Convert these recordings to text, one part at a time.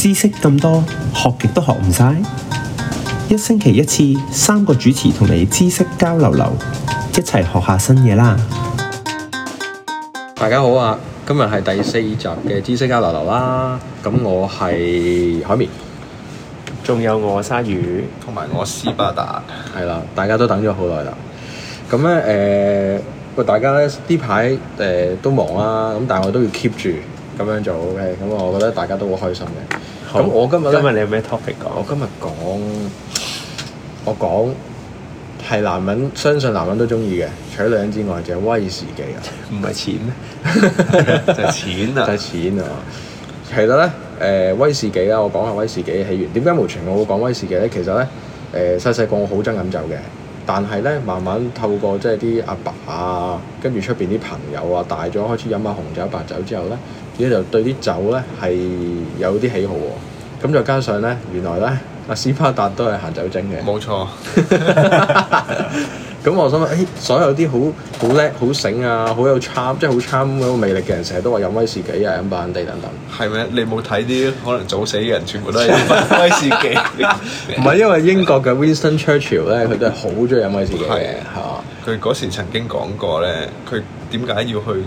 知識咁多，學極都學唔晒。一星期一次，三個主持同你知識交流流，一齊學下新嘢啦！大家好啊，今日係第四集嘅知識交流流啦。咁我係海綿，仲有我鯊魚，同埋我斯巴達，係啦。 大家都等咗好耐啦。咁咧，誒，喂，大家咧呢排誒、呃、都忙啦，咁但係我都要 keep 住咁樣做，OK？咁我覺得大家都好開心嘅。咁好我今日今日你有咩 topic 講？我今日講，我講係男人，相信男人都中意嘅，除咗女人之外，就係威士忌啊！唔係 錢 就係錢啊！ 就係錢啊！ 其實咧，誒、呃、威士忌啦，我講下威士忌嘅起源。點解無情我會講威士忌咧？其實咧，誒細細個我好憎飲酒嘅，但係咧慢慢透過即係啲阿爸啊，跟住出邊啲朋友啊，大咗開始飲下紅酒白酒之後咧。而且就對啲酒咧係有啲喜好喎、哦，咁再加上咧原來咧阿斯巴達都係行酒精嘅，冇沒錯。咁 我想問，誒、哎、所有啲好好叻、好醒啊、好有 charm，即係好 charm 嗰個魅力嘅人，成日都話飲威士忌啊，飲白蘭地等等，係咪？你冇睇啲可能早死嘅人，全部都係威士忌？唔 係， 因為英國嘅 Winston Churchill 咧，佢都係好中意飲威士忌嘅，係佢嗰時曾經講過咧，佢點解要去？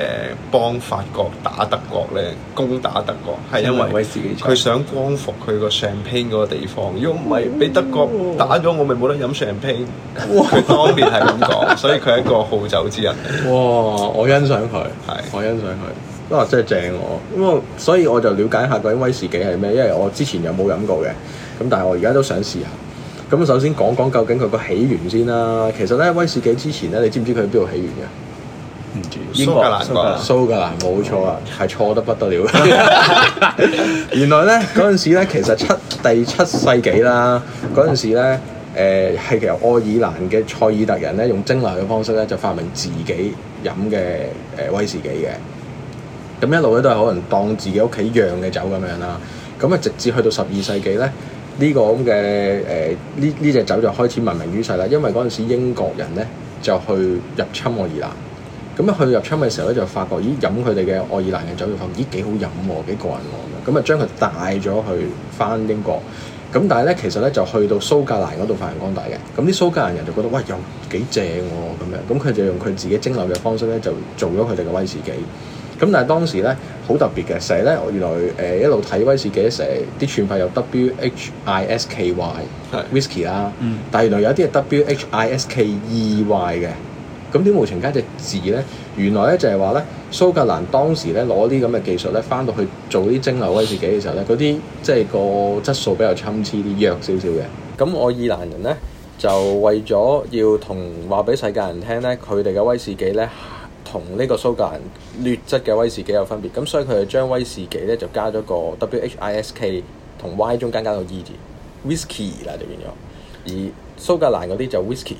誒幫法國打德國咧，攻打德國係因為威士忌，佢想光復佢個 Champagne 嗰個地方。如果唔係俾德國打咗，我咪冇得飲 Champagne。佢哇 當年係咁講，所以佢係一個好酒之人。哇！我欣賞佢，係是我欣賞佢，哇！真係正我。咁所以我就了解下究竟威士忌係咩，因為我之前又冇飲過嘅。咁但係我而家都想試下。咁首先講講究竟佢個起源先啦、啊。其實咧威士忌之前咧，你知唔知佢喺邊度起源嘅？英格蘭啦，蘇格蘭，冇錯啦，係錯得不得了。 原來咧嗰陣時咧，其實七第七世紀啦，嗰陣時咧，誒、呃、係其實愛爾蘭嘅塞爾特人咧，用蒸餾嘅方式咧就發明自己飲嘅誒威士忌嘅。咁一路咧都係可能當自己屋企釀嘅酒咁樣啦。咁啊，直至去到十二世紀咧，呢、這個咁嘅誒呢呢隻酒就開始聞名於世啦。因為嗰陣時英國人咧就去入侵愛爾蘭。咁啊去入窗嘅時候咧，就發覺咦飲佢哋嘅愛爾蘭嘅酒嘅話，咦幾好飲喎，幾個人喎咁啊，將佢、啊啊、帶咗去翻英國。咁但係咧，其實咧就去到蘇格蘭嗰度發揚光大嘅。咁啲蘇格蘭人就覺得哇有幾正喎咁樣，咁佢就用佢自己蒸餾嘅方式咧，就做咗佢哋嘅威士忌。咁但係當時咧好特別嘅，成日咧我原來誒、呃、一路睇威士忌成日啲串法有 W H I S K Y 的 whisky 啦，嗯、但係原來有啲係 W H I S K、E、Y 嘅。咁點無情加隻字呢？原來咧就係話咧，蘇格蘭當時咧攞啲咁嘅技術咧，翻到去做啲蒸餾威士忌嘅時候咧，嗰啲即係個質素比較參差啲，弱少少嘅。咁愛爾蘭人咧就為咗要同話俾世界人聽咧，佢哋嘅威士忌咧同呢個蘇格蘭劣質嘅威士忌有分別。咁所以佢就將威士忌咧就加咗個 W H I S K 同 Y 中間加個 E 字，Whiskey 啦就變咗。而蘇格蘭嗰啲就 Whisky。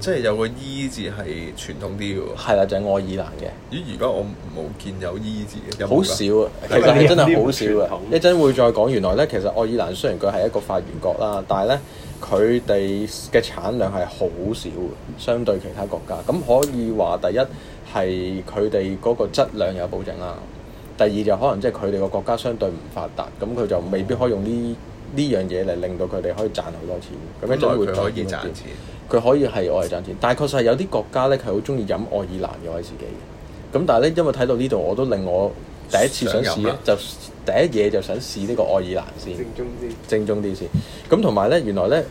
即係有個伊、e、字係傳統啲嘅喎，係啦，就係、是、愛爾蘭嘅。咦，而家我冇見有伊、e、字好少啊！其實係真係好少啊，是是一陣會再講。原來呢，其實愛爾蘭雖然佢係一個發源國啦，但係呢，佢哋嘅產量係好少，相對其他國家。咁可以話第一係佢哋嗰個質量有保證啦，第二就可能即係佢哋個國家相對唔發達，咁佢就未必可以用啲。嗯呢樣嘢嚟令到佢哋可以賺好多錢，咁樣就會愛爾蘭賺錢，佢可以係愛爾賺錢，錢但係確實係有啲國家咧，佢好中意飲愛爾蘭嘅威士忌嘅。咁但係咧，因為睇到呢度，我都令我第一次想試咧，就第一嘢就想試呢個愛爾蘭先正宗啲，正宗啲先。咁同埋咧，原來咧。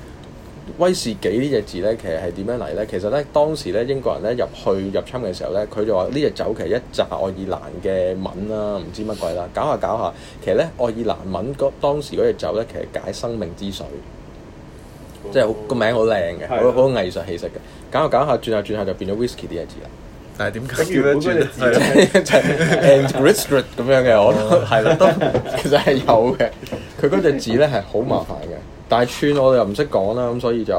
威士忌呢隻字咧，其實係點樣嚟咧？其實咧，當時咧，英國人咧入去入侵嘅時候咧，佢就話呢隻酒其實一紮愛爾蘭嘅文啦，唔知乜鬼啦，搞下搞下，其實咧愛爾蘭文嗰當時嗰隻酒咧，其實解生命之水，即係個名好靚嘅，好好藝術氣息嘅，搞下搞下，轉下轉下就變咗 whisky 呢隻字啦。但係點解叫咁多隻字咧？And spirit 咁樣嘅，我係啦，都其實係有嘅。佢嗰隻字咧係好麻煩嘅。大串我又唔識講啦，咁所以就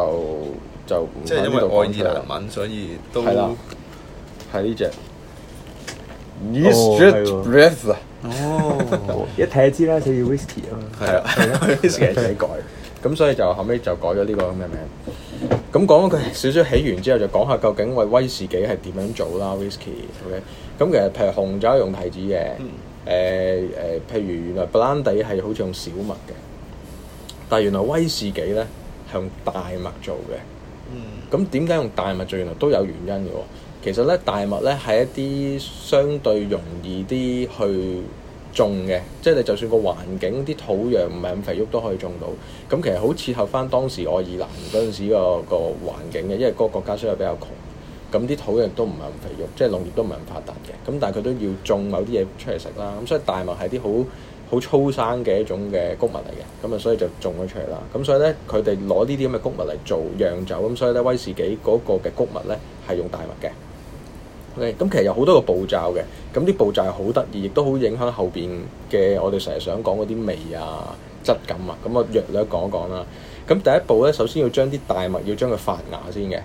就唔喺呢度講出嚟。即係因為愛爾蘭文，所以都係啦。係呢隻，use your breath 啊！哦，一睇就知啦，寫威士忌啊嘛。係啦，威士忌就係改，咁所以就後尾就改咗呢個咁嘅名。咁講咗佢少少起源之後，就講下究竟為威士忌係點樣做啦？威士忌，OK。咁其實譬如紅酒用提子嘅，誒誒，譬如原來布蘭迪係好似用小麥嘅。但係原來威士忌咧係用大麥做嘅，咁點解用大麥做原來都有原因嘅喎，哦？其實咧大麥咧係一啲相對容易啲去種嘅，即係你就算個環境啲土壤唔係咁肥沃都可以種到。咁其實好切合翻當時愛爾蘭嗰陣時個個環境嘅，因為嗰個國家雖然比較窮，咁啲土壤都唔係咁肥沃，即係農業都唔係咁發達嘅。咁但係佢都要種某啲嘢出嚟食啦。咁所以大麥係啲好好粗生嘅一種嘅穀物嚟嘅，咁啊所以就種咗出嚟啦。咁所以咧，佢哋攞呢啲咁嘅穀物嚟做釀酒，咁所以咧威士忌嗰個嘅穀物咧係用大麥嘅。OK，咁其實有好多個步驟嘅，咁啲步驟係好得意，亦都好影響後邊嘅我哋成日想講嗰啲味啊、質感啊。咁我略略講一講啦。咁第一步咧，首先要將啲大麥要將佢發芽先嘅。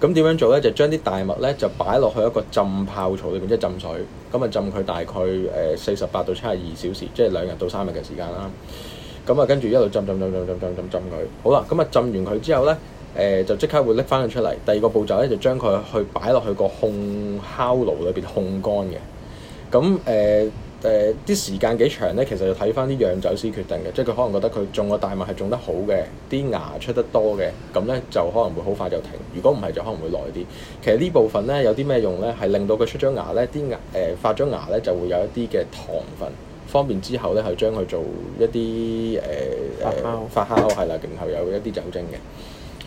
咁點樣做呢？就將、是、啲大麥呢，就擺落去一個浸泡槽裏邊，即、就、係、是、浸水。咁啊，浸佢大概誒四十八到七十二小時，即係兩日到三日嘅時間啦。咁啊，跟住一路浸浸浸浸浸浸浸浸佢。好啦，咁啊，浸完佢之後呢，誒、呃、就即刻會拎返佢出嚟。第二個步驟呢，就將佢去擺落去個烘烤爐裏邊烘乾嘅。咁誒。呃誒啲、呃、時間幾長咧，其實要睇翻啲釀酒師決定嘅，即係佢可能覺得佢種個大麥係種得好嘅，啲芽出得多嘅，咁咧就可能會好快就停。如果唔係就可能會耐啲。其實呢部分咧有啲咩用咧，係令到佢出咗芽咧，啲芽誒、呃、發咗芽咧就會有一啲嘅糖分，方便之後咧係將佢做一啲誒、呃、發酵發酵係啦，然後有一啲酒精嘅。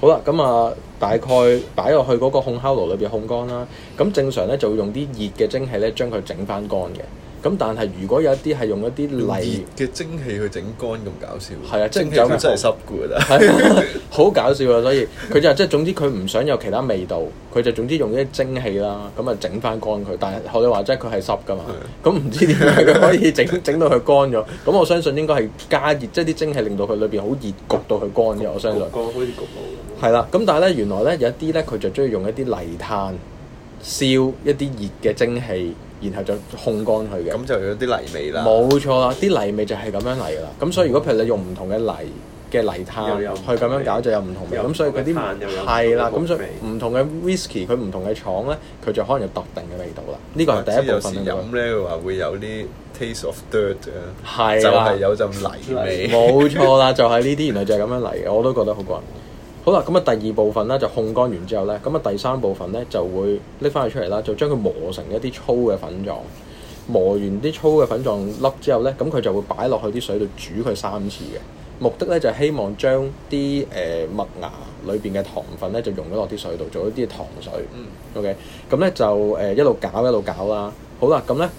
好啦，咁啊、呃，大概擺落去嗰個烘烤爐裏邊烘乾啦。咁正常咧就會用啲熱嘅蒸氣咧將佢整翻乾嘅。咁但係如果有一啲係用一啲泥嘅蒸汽去整乾，咁搞笑，係啊，蒸汽佢真係濕㗎啦，係好 搞笑啊！所以佢就即係總之佢唔想有其他味道，佢就總之用啲蒸汽啦，咁啊整翻乾佢。但係學你話齋，佢係濕㗎嘛？咁唔、啊、知點解佢可以整整 到佢乾咗？咁我相信應該係加熱，即係啲蒸汽令到佢裏邊好熱焗，焗到佢乾嘅。焗我相信。焗開啲焗爐。係啦、啊，咁但係咧，原來咧有一啲咧佢就中意用一啲泥炭燒一啲熱嘅蒸汽。然後就烘乾佢嘅，咁就有啲泥味啦。冇錯啦，啲泥味就係咁樣嚟噶啦。咁所以如果譬如你用唔同嘅泥嘅泥炭去咁樣搞，就有唔同味。咁所以佢啲係啦。咁所以唔同嘅 whisky，佢唔同嘅廠咧，佢就可能有特定嘅味道啦。呢、這個係第一部分啦。咁咧話會有啲 taste of dirt 啊的， 就係有陣泥味。冇錯啦，就係呢啲，然後就係咁樣嚟。我都覺得好啱。好啦，咁啊第二部分咧就控乾完之後咧，咁啊第三部分咧就會拎翻佢出嚟啦，就將佢磨成一啲粗嘅粉狀，磨完啲粗嘅粉狀粒之後咧，咁佢就會擺落去啲水度煮佢三次嘅，目的咧就係、希望將啲誒麥芽裏邊嘅糖分咧就溶咗落啲水度，做一啲糖水。嗯、OK，咁咧就誒、呃、一路攪一路攪啦。好啦，咁咧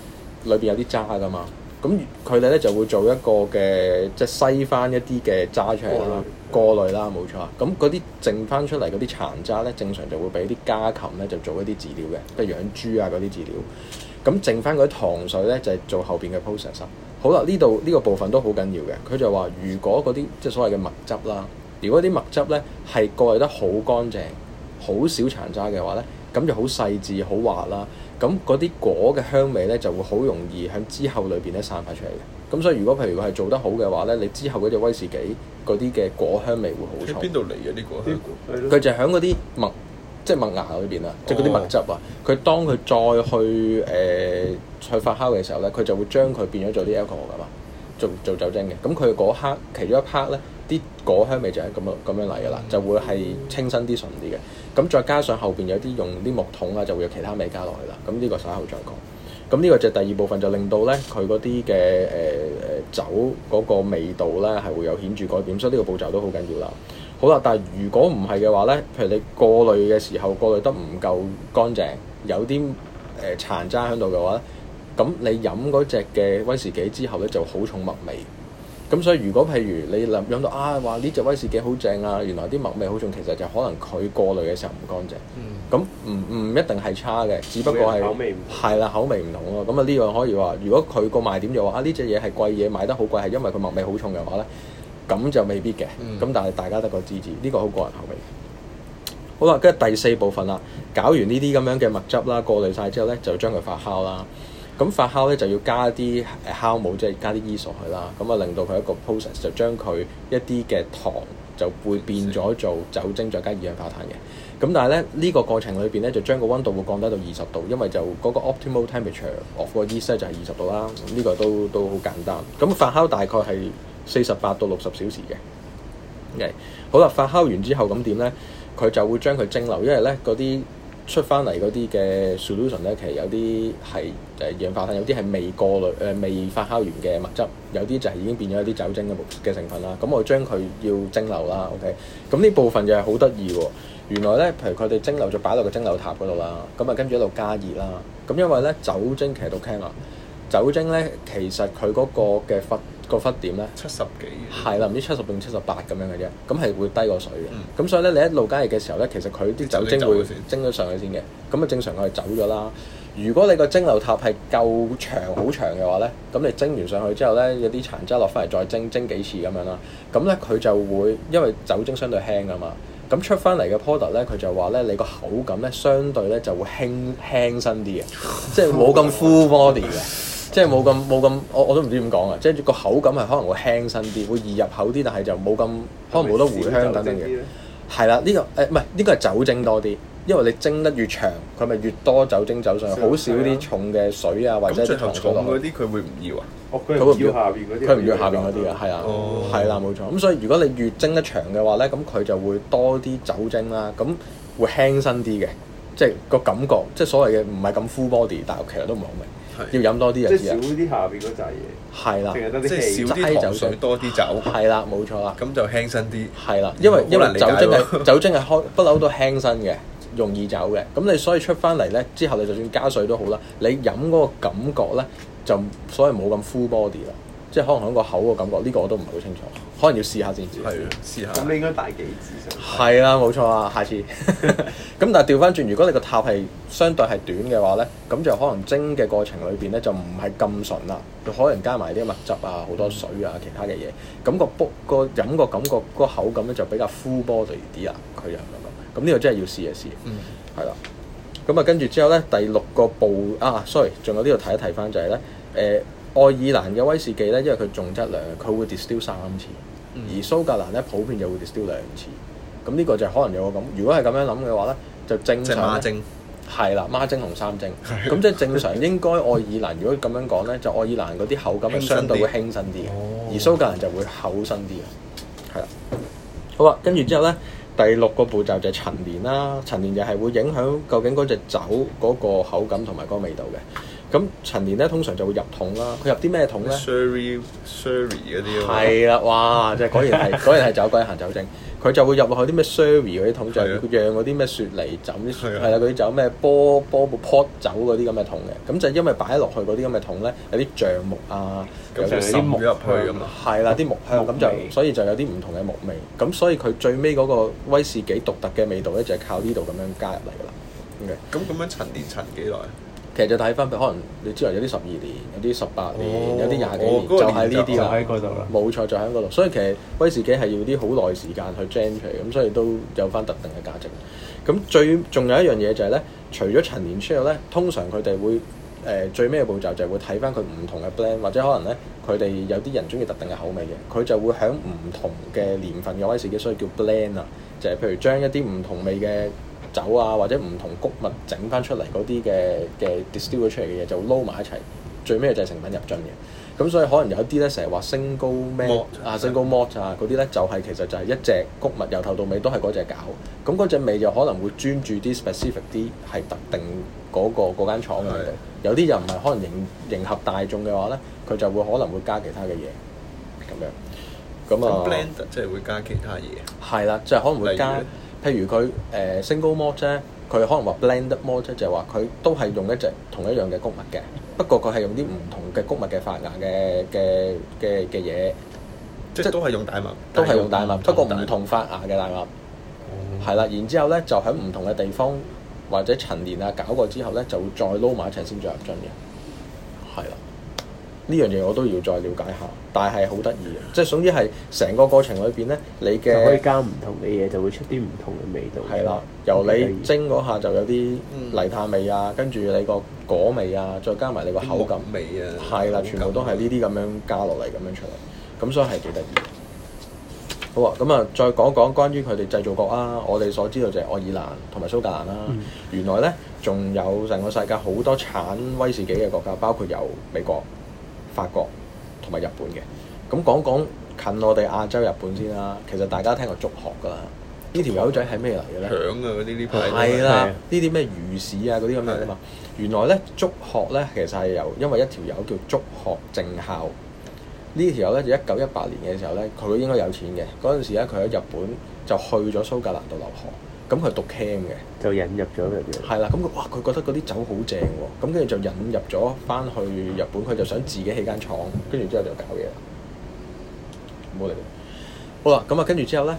裏邊有啲渣噶嘛，咁佢哋咧就會做一個嘅即係篩翻一啲嘅渣出嚟啦。哦哦。過濾啦，冇錯。咁嗰啲剩翻出嚟嗰啲殘渣咧，正常就會俾啲家禽咧就做一啲飼料嘅，譬如養豬啊嗰啲飼料。咁剩翻嗰啲糖水咧，就係做後邊嘅 process。好啦，呢度呢個部分都好緊要嘅。佢就話，如果嗰啲即係所謂嘅麥汁啦，如果啲麥汁咧係過濾得好乾淨、好少殘渣嘅話咧，咁就好細緻、好滑啦。咁嗰啲果嘅香味咧就會好容易喺之後裏邊咧散發出嚟嘅。咁、嗯、所以如果譬如係做得好嘅話咧，你之後嗰隻威士忌嗰啲嘅果香味會好重。喺邊度嚟嘅啲果香？佢就喺嗰啲麥，即係麥芽嗰邊啊，即係嗰啲麥汁啊。佢當佢再去誒去發酵嘅時候咧，佢就會將佢變咗做啲 alcohol 噶嘛，做做酒精嘅。咁佢嗰刻其中一 part 咧，啲果香味就係咁啊咁樣嚟噶啦，嗯、就會係清新啲、純啲嘅。咁再加上後邊有啲用啲木桶啊，就會有其他味加落去啦。咁呢個稍後再講。咁呢個就第二部分，就令到咧佢嗰啲嘅誒誒酒嗰個味道咧係會有顯著改變，所以呢個步驟都好緊要啦。好啦，但係如果唔係嘅話咧，譬如你過濾嘅時候過濾得唔夠乾淨，有啲誒、呃、殘渣喺度嘅話，咁你飲嗰隻嘅威士忌之後咧就好重麥味。咁所以如果譬如你淋飲到啊話呢隻威士忌好正啊，原來啲麥味好重，其實就可能佢過濾嘅時候唔乾淨。咁唔唔一定係差嘅，只不過係係啦，口味唔同咯。咁啊呢樣可以話，如果佢個賣點就話啊呢隻嘢係貴嘢，買得好貴係因為佢麥味好重嘅話咧，咁就未必嘅。咁、嗯、但係大家得個支持呢、呢個好個人口味。好啦，跟住第四部分啦，搞完呢啲咁樣嘅麥汁啦，過濾晒之後咧，就將佢發酵啦。咁發酵咧就要加啲酵母，即係加啲酵素去啦，咁啊令到佢一個 process ing, 就將佢一啲嘅糖就會變咗做酒精，再加二氧化碳嘅。咁但係咧呢、這個過程裏邊咧就將個温度會降低到二十度，因為就嗰個 optimal temperature of 個 y e a 就係二十度啦。呢、這個都都好簡單。咁發酵大概係四十八到六十小時嘅。Okay. 好啦，發酵完之後咁點咧？佢就會將佢蒸留，因為咧嗰啲。出翻嚟嗰啲嘅 solution 咧，其實有啲係誒二氧化碳，有啲係未過濾誒、呃、未發酵完嘅物質，有啲就係已經變咗一啲酒精嘅嘅成分啦。咁我將佢要蒸餾啦，OK？咁呢部分又係好得意喎，原來咧，譬如佢哋蒸餾，再擺落個蒸餾塔嗰度啦，咁啊跟住一路加熱啦。咁因為咧酒精其實都 can 啊，酒精咧其實佢嗰個嘅個忽點咧？七十幾嘅係啦，唔知七十定七十八咁樣嘅啫。咁係會低過水嘅。咁、嗯、所以咧，你一路加熱嘅時候咧，其實佢啲酒精會蒸咗上去先嘅。咁啊，正常佢走咗啦。如果你個蒸餾塔係夠長、好長嘅話咧，咁你蒸完上去之後咧，有啲殘渣落翻嚟再蒸蒸幾次咁樣啦。咁咧佢就會因為酒精相對輕啊嘛。咁出翻嚟嘅 product 咧，佢就話咧，你個口感咧相對咧就會輕輕身啲嘅，即係冇咁 full body 嘅。 即係冇咁冇咁，我我都唔知點講啊！即係個口感係可能會輕身啲，會易入口啲，但係就冇咁可能冇得回香等等嘅。係啦，呢個誒唔係呢個係酒精多啲，因為你蒸得越長，佢咪越多酒精走上去，最好少啲重嘅水啊或者糖重啲佢會唔要啊？佢會唔要下邊嗰啲。佢唔要下邊嗰啲㗎，係啊，係啦，冇錯。咁所以如果你越蒸得長嘅話咧，咁佢就會多啲酒精啦，咁會輕身啲嘅，即係個感覺，即係所謂嘅唔係咁 full body，但係其實都唔好味。要飲多啲就即係少啲下邊嗰扎嘢，係啦的，即係少啲酒水，的水多啲酒，係啦的，冇錯啦，咁就輕身啲。係啦，因為因為酒精係 酒精係開不嬲都輕身嘅，容易走嘅。咁你所以出翻嚟咧，之後你就算加水都好啦，你飲嗰個感覺咧，就所謂冇咁 full body 啦。即係可能響個口個感覺，呢、這個我都唔係好清楚，可能要試下先。知的，啊，試下。咁你應該大幾支先？係啦，冇錯啊。下次。咁 但係調翻轉，如果你個塔係相對係短嘅話咧，咁就可能蒸嘅過程裏邊咧就唔係咁純啦，佢可能加埋啲物質啊，好多水啊，嗯、其他嘅嘢，咁、那個煲、那個飲個感覺、那個口感咧就比較 full body 啲啦，佢又咁。咁、那、呢個真係要試一試一。嗯。係啦。咁啊，跟住之後咧，第六個步啊，sorry，仲有呢度睇一睇翻就係、是、咧，誒、呃。愛爾蘭嘅威士忌咧，因為佢重質量，佢會 distill 三次，而蘇格蘭咧普遍就會 distill 兩次。咁呢個就可能有個咁，如果係咁樣諗嘅話咧，就正常。即孖蒸係啦，孖蒸同三蒸。咁的即係正常應該愛爾蘭，如果咁樣講咧，就愛爾蘭嗰啲口感相對會輕身啲嘅，哦、而蘇格蘭就會厚身啲嘅。係啦，好啦，跟住之後咧，第六個步驟就係陳年啦。陳年就係會影響究竟嗰隻酒嗰個口感同埋嗰個味道嘅。咁陳年咧，通常就會入桶啦，佢入啲咩桶咧？Sherry、Sherry 嗰啲咯。係啦，哇！即係果然係果然係酒鬼，行酒蒸，佢就會入落去啲咩 Sherry 嗰啲桶，就釀嗰啲咩雪梨酒，啲係啦嗰啲酒咩波波砵酒嗰啲咁嘅桶嘅。咁就因為擺落去嗰啲咁嘅桶咧，有啲橡木啊，有啲木入去咁，係啦啲木香，咁就所以就有啲唔同嘅木味。咁所以佢最尾嗰個威士忌獨特嘅味道咧，就係靠呢度咁樣加入嚟嘅啦。OK，咁咁樣陳年陳幾耐？其實就睇翻，可能你知道有啲十二年，有啲十八年，哦、有啲廿幾年，哦那個、年就係呢啲啦。冇錯，就喺嗰度。所以其實威士忌係要啲好耐時間去蒸嚟，咁所以都有翻特定嘅價值。咁最仲有一樣嘢就係咧，除咗陳年之後咧，通常佢哋會誒、呃、最尾嘅步驟就係會睇翻佢唔同嘅 blend，或者可能咧佢哋有啲人中意特定嘅口味嘅，佢就會喺唔同嘅年份嘅威士忌，所以叫 blend 啊，就係譬如將一啲唔同味嘅。酒啊，或者唔同穀物整翻出嚟嗰啲嘅嘅 distilled 出嚟嘅嘢，就撈埋一齊，最尾就係成品入樽嘅。咁所以可能有啲咧，成日話 single malt 啊，single malt 啊，嗰啲咧就係、就係、其實就係一隻穀物，由頭到尾都係嗰隻穀。咁嗰隻味就可能會專注啲，specific 啲係特定嗰個、嗰個、嗰間廠嘅味道。有啲就唔係可能應迎，迎合大眾嘅話咧，佢就會可能會加其他嘅嘢咁樣。咁啊，即係會加其他嘢。係啦，就可能會加。譬如佢、呃、single malt 咧，佢可能話 blend malt，就係話佢都係用一隻同一樣嘅穀物嘅，不過佢係用啲唔同嘅穀物嘅發芽嘅嘅嘅嘅嘢，即係都係用大麥，都係用大麥，大麥不過唔同發芽嘅大麥，係啦、嗯，然之後咧就喺唔同嘅地方或者陳年啊搞過之後咧，就再撈埋一齊先再入樽嘅，係啦、嗯。呢樣嘢我都要再了解下，但係好得意嘅，即係總之係成個過程裏邊呢，你嘅可以加唔同嘅嘢，就會出啲唔同嘅味道。係啦，由你蒸嗰下就有啲泥炭味啊，嗯、跟住你個果味啊，再加埋你個口感味啊，係啦的，口感全部都係呢啲咁樣加落嚟咁樣出嚟，咁所以係幾得意。好啊，咁啊，再講講關於佢哋製造國啊，我哋所知道就係愛爾蘭同埋蘇格蘭啦、啊。嗯、原來呢，仲有成個世界好多產威士忌嘅國家，嗯、包括有美國，法國同埋日本嘅，咁講講近我哋亞洲日本先啦。其實大家聽過竹鶴噶啦，學呢條友仔係咩嚟嘅咧？搶啊！嗰啲呢排係啦，呢啲咩魚市啊嗰啲咁樣啊嘛。啦原來咧竹鶴咧其實係由因為一條友叫竹鶴政孝，啦呢條友咧就一九一八年嘅時候咧，佢應該有錢嘅嗰陣時咧，佢喺日本就去咗蘇格蘭度留學。咁佢、嗯、讀 c a 嘅，就引入咗入去。係啦，咁、嗯、佢哇，佢覺得嗰啲酒好正喎，咁跟住就引入咗翻去日本，佢就想自己起間廠，跟住之後、呃、就搞嘢啦。冇、呃、嚟。好啦，咁啊，跟住之後咧，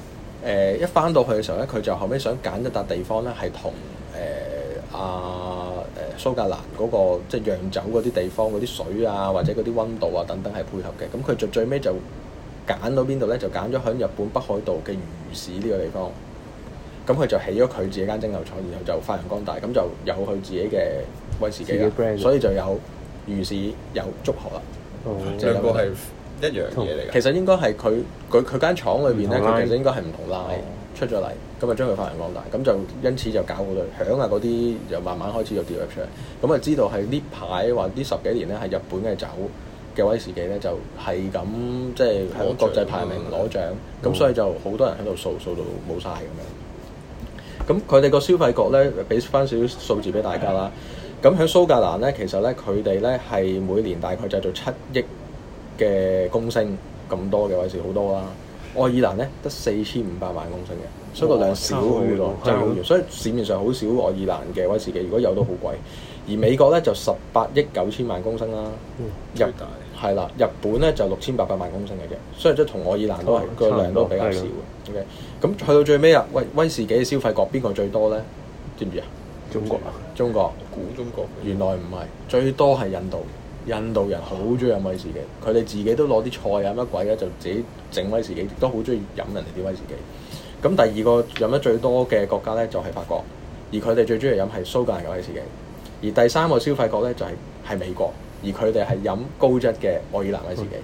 誒一翻到去嘅時候咧，佢就後尾想揀一笪地方咧，係同誒阿誒蘇格蘭嗰、嗰個即係釀酒嗰啲地方嗰啲水啊，或者嗰啲溫度啊等等係配合嘅。咁、嗯、佢就最尾就揀到邊度咧？就揀咗喺日本北海道嘅魚市呢個地方。咁佢就起咗佢自己間蒸餾廠，然後就發揚光大，咁就有佢自己嘅威士忌，所以就有如是有祝賀啦。兩、嗯、個係一樣嘢嚟嘅，其實應該係佢佢佢間廠裏邊咧，佢其實應該係唔同啦出咗嚟，咁啊將佢發揚光大，咁就因此就搞到響下嗰啲就慢慢開始就跌入出嚟。咁啊，知道係呢排或呢十幾年咧，係日本嘅酒嘅威士忌咧，就係咁即係喺國際排名攞獎，咁、嗯、所以就好多人喺度掃掃到冇晒咁樣。咁佢哋個消費局咧，俾翻少少數字俾大家啦。咁喺的蘇格蘭咧，其實咧佢哋咧係每年大概製造七億嘅公升咁多嘅威士，好多啦。愛爾蘭咧得四千五百萬公升嘅。哇所以個量少好多，真係好遠。所以市面上好少愛爾蘭嘅威士忌，如果有都好貴。嗯、而美國咧就十八億九千萬公升啦，嗯、最大係啦，日本咧就六千八百萬公升嘅啫，所以即係同愛爾蘭都係個量都比較少的 OK，咁去到最尾啊，威威士忌嘅消費國邊個最多咧？知唔知啊？中國啊？中國？估中國？原來唔係，嗯、最多係印度。印度人好中意飲威士忌，佢哋自己都攞啲菜啊乜鬼嘅，就自己整威士忌，亦都好中意飲人哋啲威士忌。咁第二個飲得最多嘅國家咧，就係、是、法國，而佢哋最中意飲係蘇格蘭嘅威士忌。而第三個消費國咧，就係、是、係美國。而佢哋係飲高質嘅愛爾蘭威士忌，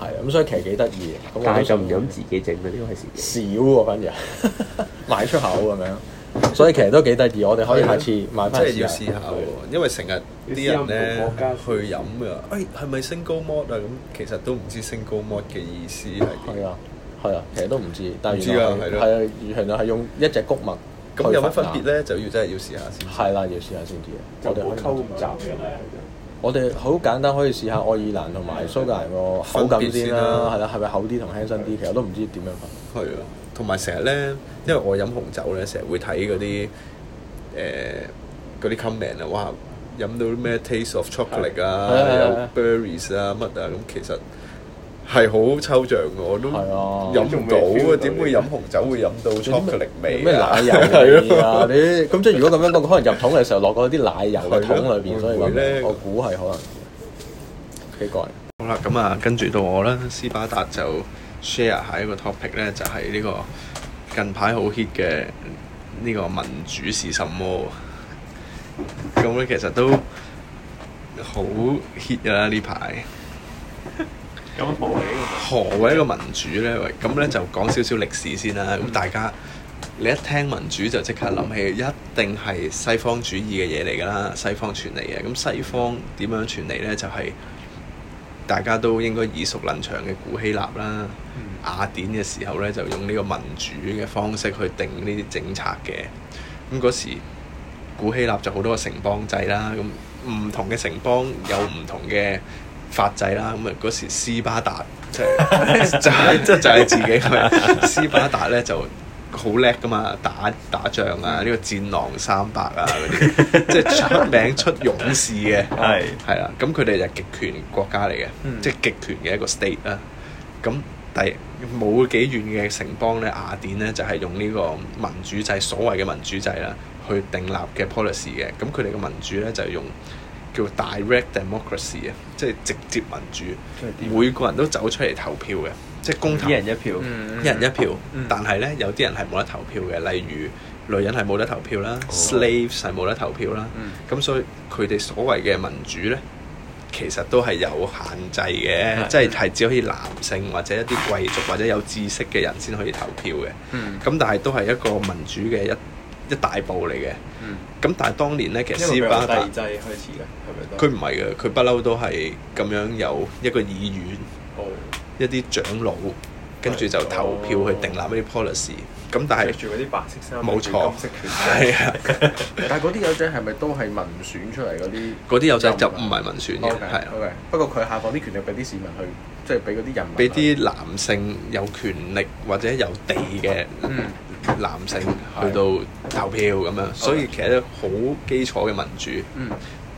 係啊，咁所以其實幾得意嘅。但係就唔飲自己整嘅呢個係事少喎，反而賣出口咁樣，所以其實都幾得意。我哋可以下次買翻即係要試下喎，因為成日啲人咧，國家去飲嘅，哎係咪升高 mod 啊？咁其實都唔知升高 mod 嘅意思係點。係啊，係啊，其實都唔知。但係原來係係啊，原來係用一隻穀物。咁有乜分別咧？就要真係要試下先。係啦，要試下先知啊。就唔好我哋好簡單，可以試下愛爾蘭同埋蘇格蘭個口感先啦，係啦，係咪厚啲同輕身啲？的其實都唔知點樣分。係啊，同埋成日咧，因為我飲紅酒咧，成日會睇嗰啲誒嗰啲 comment 啊，哇！飲到咩 taste of chocolate 啊，有 berries 啊乜啊咁，其實。係好抽象我都飲唔到啊！點會飲紅酒會飲到 Chocolate 味？咩奶油啊？ 你咁即係如果咁樣講，可能入桶嘅時候落嗰啲奶油喺桶裏邊，會會呢，所以咁樣。會會呢，我估係可能奇怪。幾好啦，咁啊，跟住到我啦。斯巴達就 share 下一個 topic 咧，就係呢個近排好 hit 嘅呢個民主是什麼？咁咧，其實都好 hit 啊，呢排。何為一個民主呢？咁呢就講少少歷史先啦。咁大家你一聽民主就即刻諗起，一定係西方主義嘅嘢嚟㗎啦。西方傳嚟嘅，咁西方點樣傳嚟呢？就係大家都應該耳熟能詳嘅古希臘啦，雅典嘅時候呢，就用呢個民主嘅方式去定呢啲政策嘅。咁嗰時古希臘就好多城邦制啦，咁唔同嘅城邦有唔同嘅。法制啦，咁啊嗰時斯巴達即係就係即係就係、是就是、自己係 斯巴達咧就好叻㗎嘛，打打仗啊呢、呢個戰狼三百啊嗰啲，即係 出名出勇士嘅係係啦，咁佢哋就極權國家嚟嘅，即係 極權嘅一個 state 啦。咁第冇幾遠嘅城邦咧，雅典咧就係用呢個民主制，所謂嘅民主制啦，去訂立嘅 policy 嘅。咁佢哋嘅民主咧就係用。叫 direct democracy 啊，即係直接民主，每個人都走出嚟投票嘅，即係公投，一人一票，一、嗯嗯嗯、人一票。但係咧，有啲人係冇得投票嘅，例如女人係冇得投票啦、哦、slaves 係冇得投票啦。咁、嗯嗯、所以佢哋所謂嘅民主咧，其實都係有限制嘅，即係係只可以男性或者一啲貴族或者有知識嘅人先可以投票嘅。咁、嗯嗯嗯、但係都係一個民主嘅一一大步嚟嘅。咁、嗯、但係當年咧，其實斯巴達開始嘅。佢唔係嘅，佢不嬲都係咁樣有一個議院，oh. 一啲長老，跟住就投票去訂立一啲 policy。咁但係著住嗰啲白色衫，冇錯著金色嘅，係啊的。 但係嗰啲友仔係咪都係民選出嚟嗰啲？嗰啲友仔就唔係民選嘅，係。不過佢下放啲權力俾啲市民去，即係俾嗰啲人民。俾啲男性有權力或者有地嘅男性去到投票咁樣，嗯、所以其實好基礎嘅民主。嗯，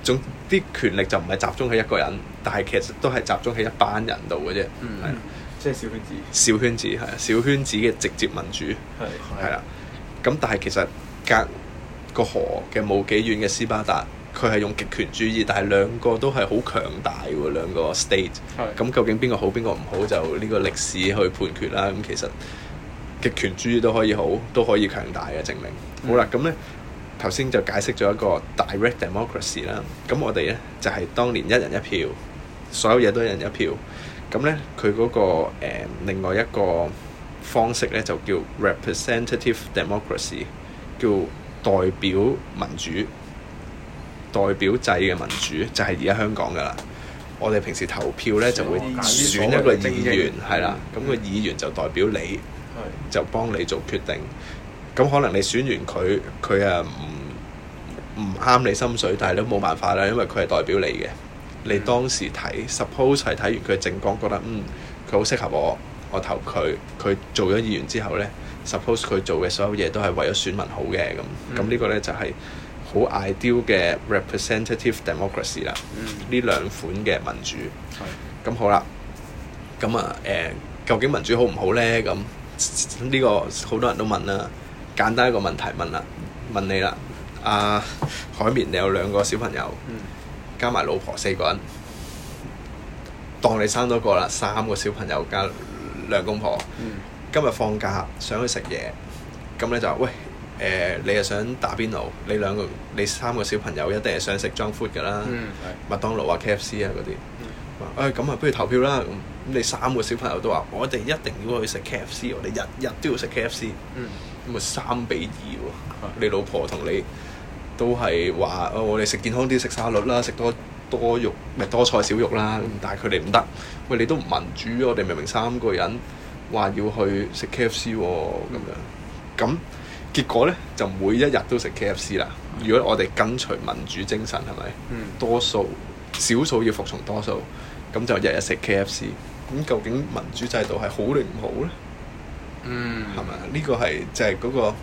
總。啲權力就唔係集中喺一個人，但係其實都係集中喺一班人度嘅啫。係，即係小圈子。小圈子係小圈子嘅直接民主。係係啦。咁但係其實隔個河嘅冇幾遠嘅斯巴達，佢係用極權主義，但係兩個都係好強大喎。兩個 state。係。咁究竟邊個好，邊個唔好，就呢個歷史去判決啦。咁其實極權主義都可以好，都可以強大嘅證明。好啦，咁咧。頭先就解釋咗一個 direct democracy 啦，咁我哋咧就係、是、當年一人一票，所有嘢都一人一票。咁咧佢嗰個、呃、另外一個方式咧就叫 representative democracy，叫代表民主、代表制嘅民主，就係而家香港噶啦。我哋平時投票咧就會選一個議員，係啦，咁個、嗯，那個議員就代表你，的就幫你做決定。咁可能你選完佢，佢啊唔唔啱你心水，但係都冇辦法啦，因為佢係代表你嘅。你當時睇、嗯、suppose 係睇完佢政綱，覺得嗯佢好適合我，我投佢。佢做咗議員之後呢 suppose 佢做嘅所有嘢都係為咗選民好嘅。咁咁呢個呢，就係、是、好 ideal 嘅 representative democracy 啦。呢兩、嗯、款嘅民主，咁、嗯、好啦。咁啊、嗯、究竟民主好唔好呢？咁呢、呢個好多人都問啦。簡單一個問題問啦，問你啦。阿、啊、海綿，你有兩個小朋友，嗯、加埋老婆四個人，當你生多個啦，三個小朋友加兩公婆。嗯、今日放假想去食嘢，咁你就喂誒、呃，你又想打邊爐？你兩個你三個小朋友一定係想食 junk food 噶啦，嗯、麥當勞啊、K F C 啊嗰啲。話誒咁啊，哎、不如投票啦咁。你三個小朋友都話，我哋一定要去食 K F C，我哋日日都要食 K F C、嗯。咁咪三比二喎？你老婆同你都係話、哦：我哋食健康啲，食沙律啦，食多多肉，咪多菜少肉啦。嗯、但係佢哋唔得。喂，你都唔民主，我哋明明三個人話要去食 K F C 喎、哦，咁樣咁、嗯、結果呢，就每一日都食 K F C 啦。如果我哋跟隨民主精神係咪？是是嗯、多數少數要服從多數，咁就日日食 K F C。咁究竟民主制度係好定唔好呢？嗯，係咪？呢個係就係嗰個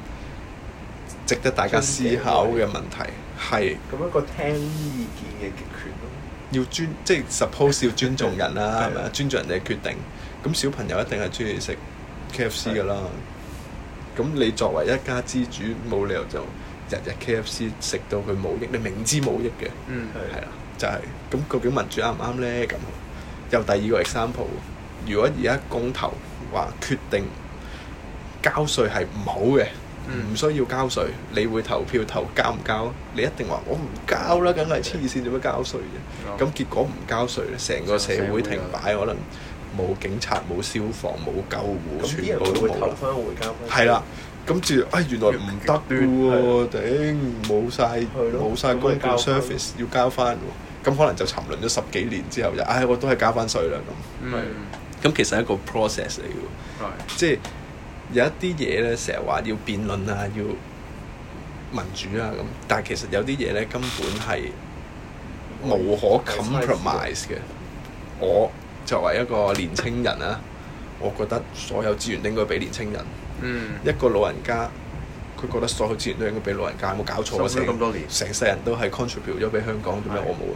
值得大家思考嘅問題，係咁是是一個聽意見嘅權，要尊即係、就是、suppose 要尊重人啦、啊，係咪的尊重人哋決定咁的小朋友一定係中意食 K F C 嘅啦。咁的你作為一家之主，冇的理由就日日 K F C 食到佢冇益，你明知冇益嘅，嗯係係啦，就係、是、咁。究竟民主啱唔啱咧？咁又第二個 example，如果而家公投話決定。交稅係唔好嘅，唔需要交稅，你會投票投交唔交？你一定話我唔交啦，梗係黐線，做乜交稅嘅？咁結果唔交稅，成個社會停擺，可能冇警察、冇消防、冇救護，全部都冇啦。係啦，咁住，哎，原來唔得嘅喎，頂，冇晒冇曬公共 service 要交翻，咁可能就沉淪咗十幾年之後就，唉，我都係交翻稅啦咁。咁其實係一個 process 嚟嘅，即係。有一啲嘢咧，成日話要辯論啊，要民主啊咁，但係其實有啲嘢咧根本係無可 compromise 嘅。我作為一個年青人啊，我覺得所有資源應該俾年青人。嗯。一個老人家，佢覺得所有資源都應該俾老人家，有冇搞錯啊？成咁多年，成世人都係 contribute 咗俾香港，做咩？的我冇啊？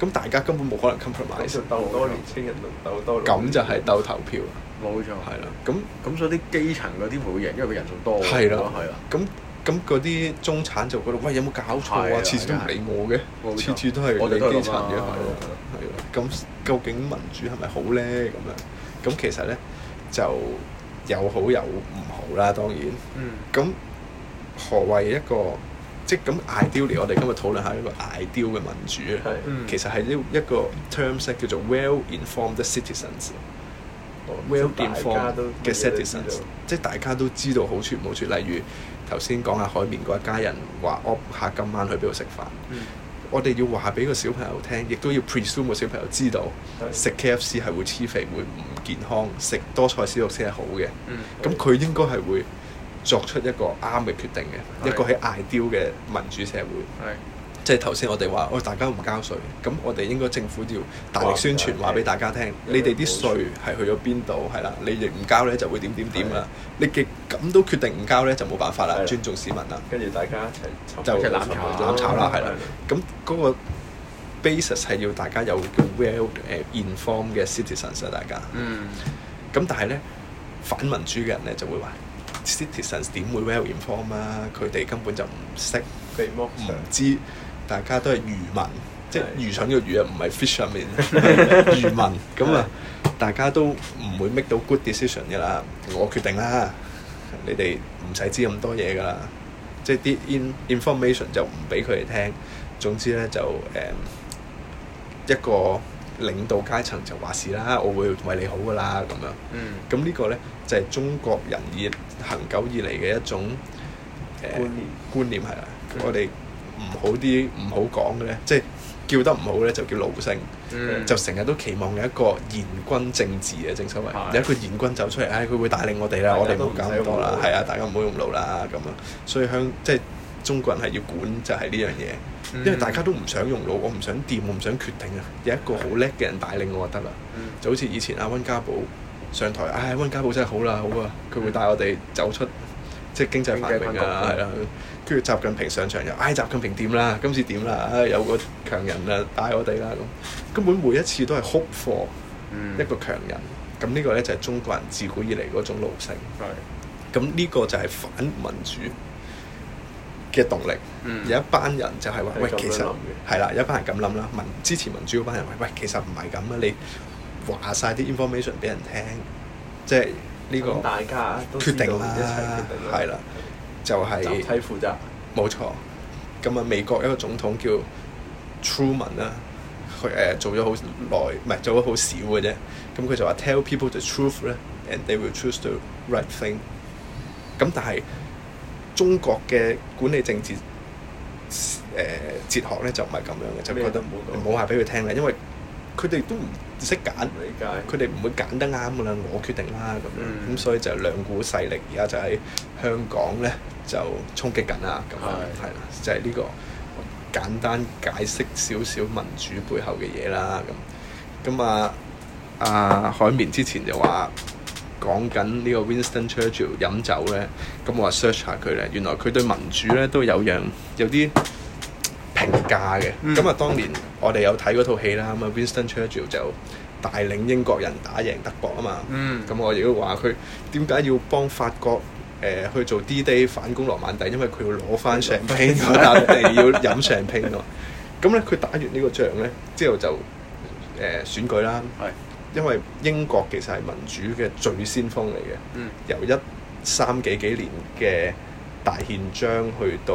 咁大家根本冇可能 compromise。就鬥多年青人，人，鬥多老。咁就係鬥投票。冇錯，係啦。咁咁，所以啲基層嗰啲會贏，因為佢人數多。係啦，係啦。咁咁，嗰啲中產就覺得：喂，有冇搞錯啊？次次都唔理我嘅，次次都係我哋基層嘅。係咯，係咯。咁究竟民主係咪好咧？咁樣咁其實咧就有好有唔好啦。當然，嗯，咁何為一個即咁 ideal 咧？我哋今日討論下呢個 ideal 嘅民主啊。其實係呢一個 terms 叫做 well informed citizens。Well informed citizens，即係大家都知道好處唔好處。例如頭先講下海綿嗰一家人話，噏下今晚去邊度食飯。嗯、我哋要話俾個小朋友聽，亦都要 presume 個小朋友知道對食 K F C 係會黐肥，會唔健康，食多菜少肉先係好嘅。咁佢、嗯、應該係會作出一個啱嘅決定嘅，對一個喺 ideal 嘅民主社會。即係頭先我哋話，我大家唔交稅，咁我哋應該政府要大力宣傳，話俾大家聽，你哋啲稅係去咗邊度？係啦，你哋唔交咧就會點點點啦。你嘅咁都決定唔交咧，就冇辦法啦，尊重市民啦。跟住大家一齊就攬炒攬炒啦，係啦。咁嗰個 basis 係要大家有叫 well informed 嘅 citizens 啊，大家。嗯。咁但係咧反民主嘅人咧就會話，citizens 點會 well informed 啊？佢哋根本就唔識，佢唔知。大家都係愚民，即係愚蠢嘅愚啊，唔係 fish 上面漁民。咁啊，大家都唔會 make 到 good decision 嘅啦。我決定啦，你哋唔使知咁多嘢噶啦。即係啲 in information 就唔俾佢哋聽。總之咧就誒一個領導階層就話事啦，我會為你好噶啦咁樣。嗯。咁呢個咧就係中國人以恆久以嚟嘅一種觀念，觀念係啦，我哋。唔好啲唔好講嘅咧，即係叫得唔好咧就叫奴性，嗯、就成日都期望有一個賢君政治嘅，正所謂的有一個賢君走出嚟，唉、哎，佢會帶領我哋啦，我哋唔好搞咁多啦，係啊，大家唔好用腦啦咁啊，所以香即係中國人係要管就係呢樣嘢，嗯、因為大家都唔想用腦，我唔想掂，我唔想決定啊，有一個好叻嘅人帶領我就得啦，嗯、就好似以前阿溫家寶上台，唉、哎，溫家寶真係好啦，好啊，佢會帶我哋走出。即係經濟繁榮啊，係啦，跟住了、嗯、習近平上場又，唉、哎，習近平點啦？今次點啦？啊，有個強人啊，帶我哋啦咁。根本每一次都係哭貨，一個強人。咁呢個咧就係中國人自古以嚟嗰種奴性。係、嗯。咁呢個就係反民主嘅動力。嗯、有一班人就係話、嗯，喂，其實係啦，一班人咁諗啦，民支持民主嗰班人話，喂，其實唔係咁啊，你話晒啲 information 俾人聽，即、就、係、是。就是呢、這個大家都決定一齊決定，係啦，就係集體負責，冇錯。咁啊，美國一個總統叫 Truman 啦，佢誒做咗好耐，唔係做咗好少嘅啫。咁佢就話 Tell people the truth 咧，and they will choose the right thing。咁但係中國嘅管理政治誒、呃、哲學咧就唔係咁樣嘅，就覺得唔好唔好話俾佢聽咧，因為佢哋都唔識揀，佢哋唔會揀得啱㗎啦，我決定啦咁、嗯、樣，咁所以就兩股勢力而家就喺香港咧就衝擊緊啦，咁樣係啦是，就係、是、呢個簡單解釋少少民主背後嘅嘢啦，咁咁啊啊海綿之前就話講緊呢個 Winston Churchill 飲酒咧，咁、嗯、我話 search 下佢咧，原來佢對民主咧都有樣有啲。評價嘅，咁啊、嗯，當年我哋有睇嗰套戲啦，咁、嗯、啊，Winston Churchill 就帶領英國人打贏德國啊嘛，咁、嗯、我亦都話佢點解要幫法國誒、呃、去做 D-Day 反攻諾曼第，因為佢要攞翻香檳，但、呃、係要飲香檳咯。咁咧，佢打完呢個仗咧之後就誒、呃、選舉啦，是因為英國其實係民主嘅最先鋒嚟嘅，嗯、由一三幾幾年嘅大憲章去到。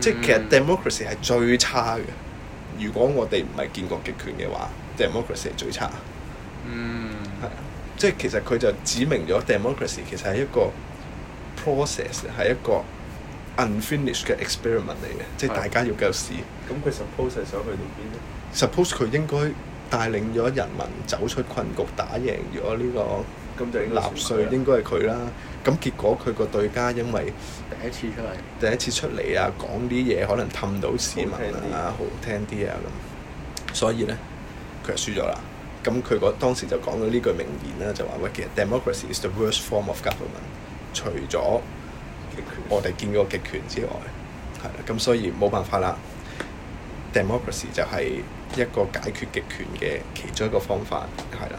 即係其實 democracy 係最差嘅。如果我哋唔係建國極權嘅話 ，democracy 係最差。嗯，係 啊樂，即係其實佢就指明咗 democracy 其實係一個 process，係一個 unfinished 嘅 experiment 嚟嘅，即係大家要夠試。咁佢 suppose 係想去到邊咧？Suppose 佢應該帶領咗人民走出困局，打贏咗呢、呢個。咁就納稅應該係佢啦。咁結果佢個對家因為第一次出嚟，第一次出嚟啊，講啲嘢可能氹到市民啊，好聽啲啊。咁所以咧，佢就輸咗啦。咁佢嗰當時就講咗呢句名言啦，就話喂，其實 democracy is the worst form of government。除咗極權，我哋見過極權之外，係啦。咁所以冇辦法啦。Democracy 就係一個解決極權嘅其中一個方法，係啦。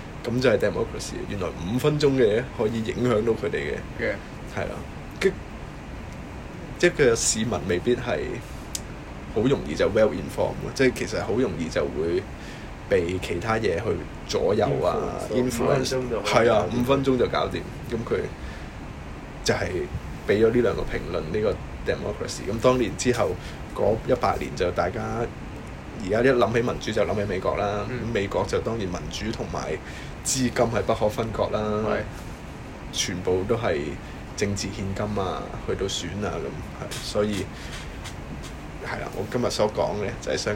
咁就係 democracy，原來五分鐘嘅嘢可以影響到佢哋嘅，係咯 Yeah.，即係佢個市民未必係好容易就 well informed，即係其實好容易就會被其他嘢去左右啊。影響係啊，五分鐘就搞掂，咁佢、mm hmm. 就係俾咗呢兩個評論呢個 democracy。咁當年之後嗰一百年就大家而家一諗起民主就諗起美國啦，咁、mm hmm. 美國就當然民主同埋，資金係不可分割啦，的全部都係政治獻金啊，去到選啊咁，係所以係啦，我今日所講嘅就係想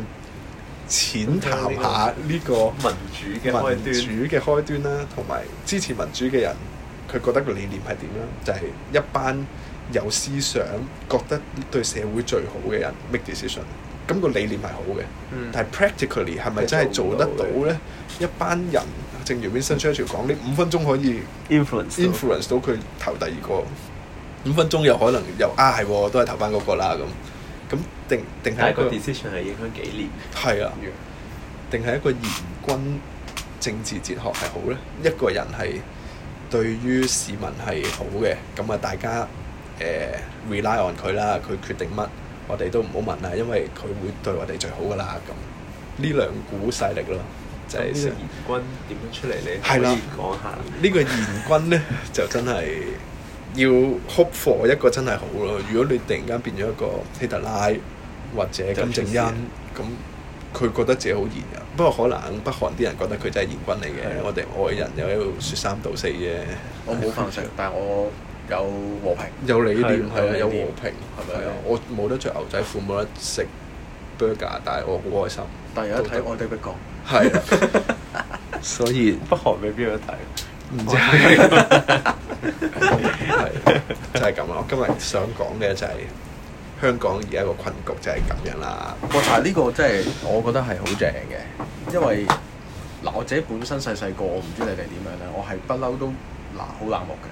淺談下呢個民主嘅民主嘅開端啦，同埋支持民主嘅人，佢覺得個理念係點啦？就係、是、一班有思想、覺得對社會最好嘅人 make decision，咁個理念係好嘅，嗯、但係 practically 係咪真係做得到咧？嗯、一班人。正如 Winston Churchill 講呢，五分鐘可以 influence influence 到佢投第二個，五分鐘又可能又啊係、哦，都係投翻嗰個啦咁。咁定定係一個 decision 係影響幾年？係啊，Yeah. 定係一個嚴君政治哲學係好咧？一個人係對於市民係好嘅，咁啊大家誒、呃、rely on 佢啦，佢決定乜，我哋都唔好問啦，因為佢會對我哋最好噶啦咁。呢兩股勢力咯。就係呢個賢君點樣出嚟？你可以講下。呢個賢君咧就真係要 hope for 一個真係好咯。如果你突然間變咗一個希特拉或者金正恩，咁佢覺得自己好賢啊。不過可能北韓啲人覺得佢真係賢君嚟嘅。我哋外人又喺度説三道四啫。我冇飯食，但係我有和平，有理念係啊，有和平係咪啊？我冇得着牛仔褲，冇得食 burger，但係我好開心。但係而家睇《愛的迫降》。係， 所以北韓未必有睇，唔知係，就係咁啦。我今日想講嘅就係、係、香港而家個困局就係咁樣啦。我查呢個真係我覺得係好正嘅，因為嗱我自己本身細細個，我唔知你哋點樣咧，我係不嬲都嗱好冷漠嘅。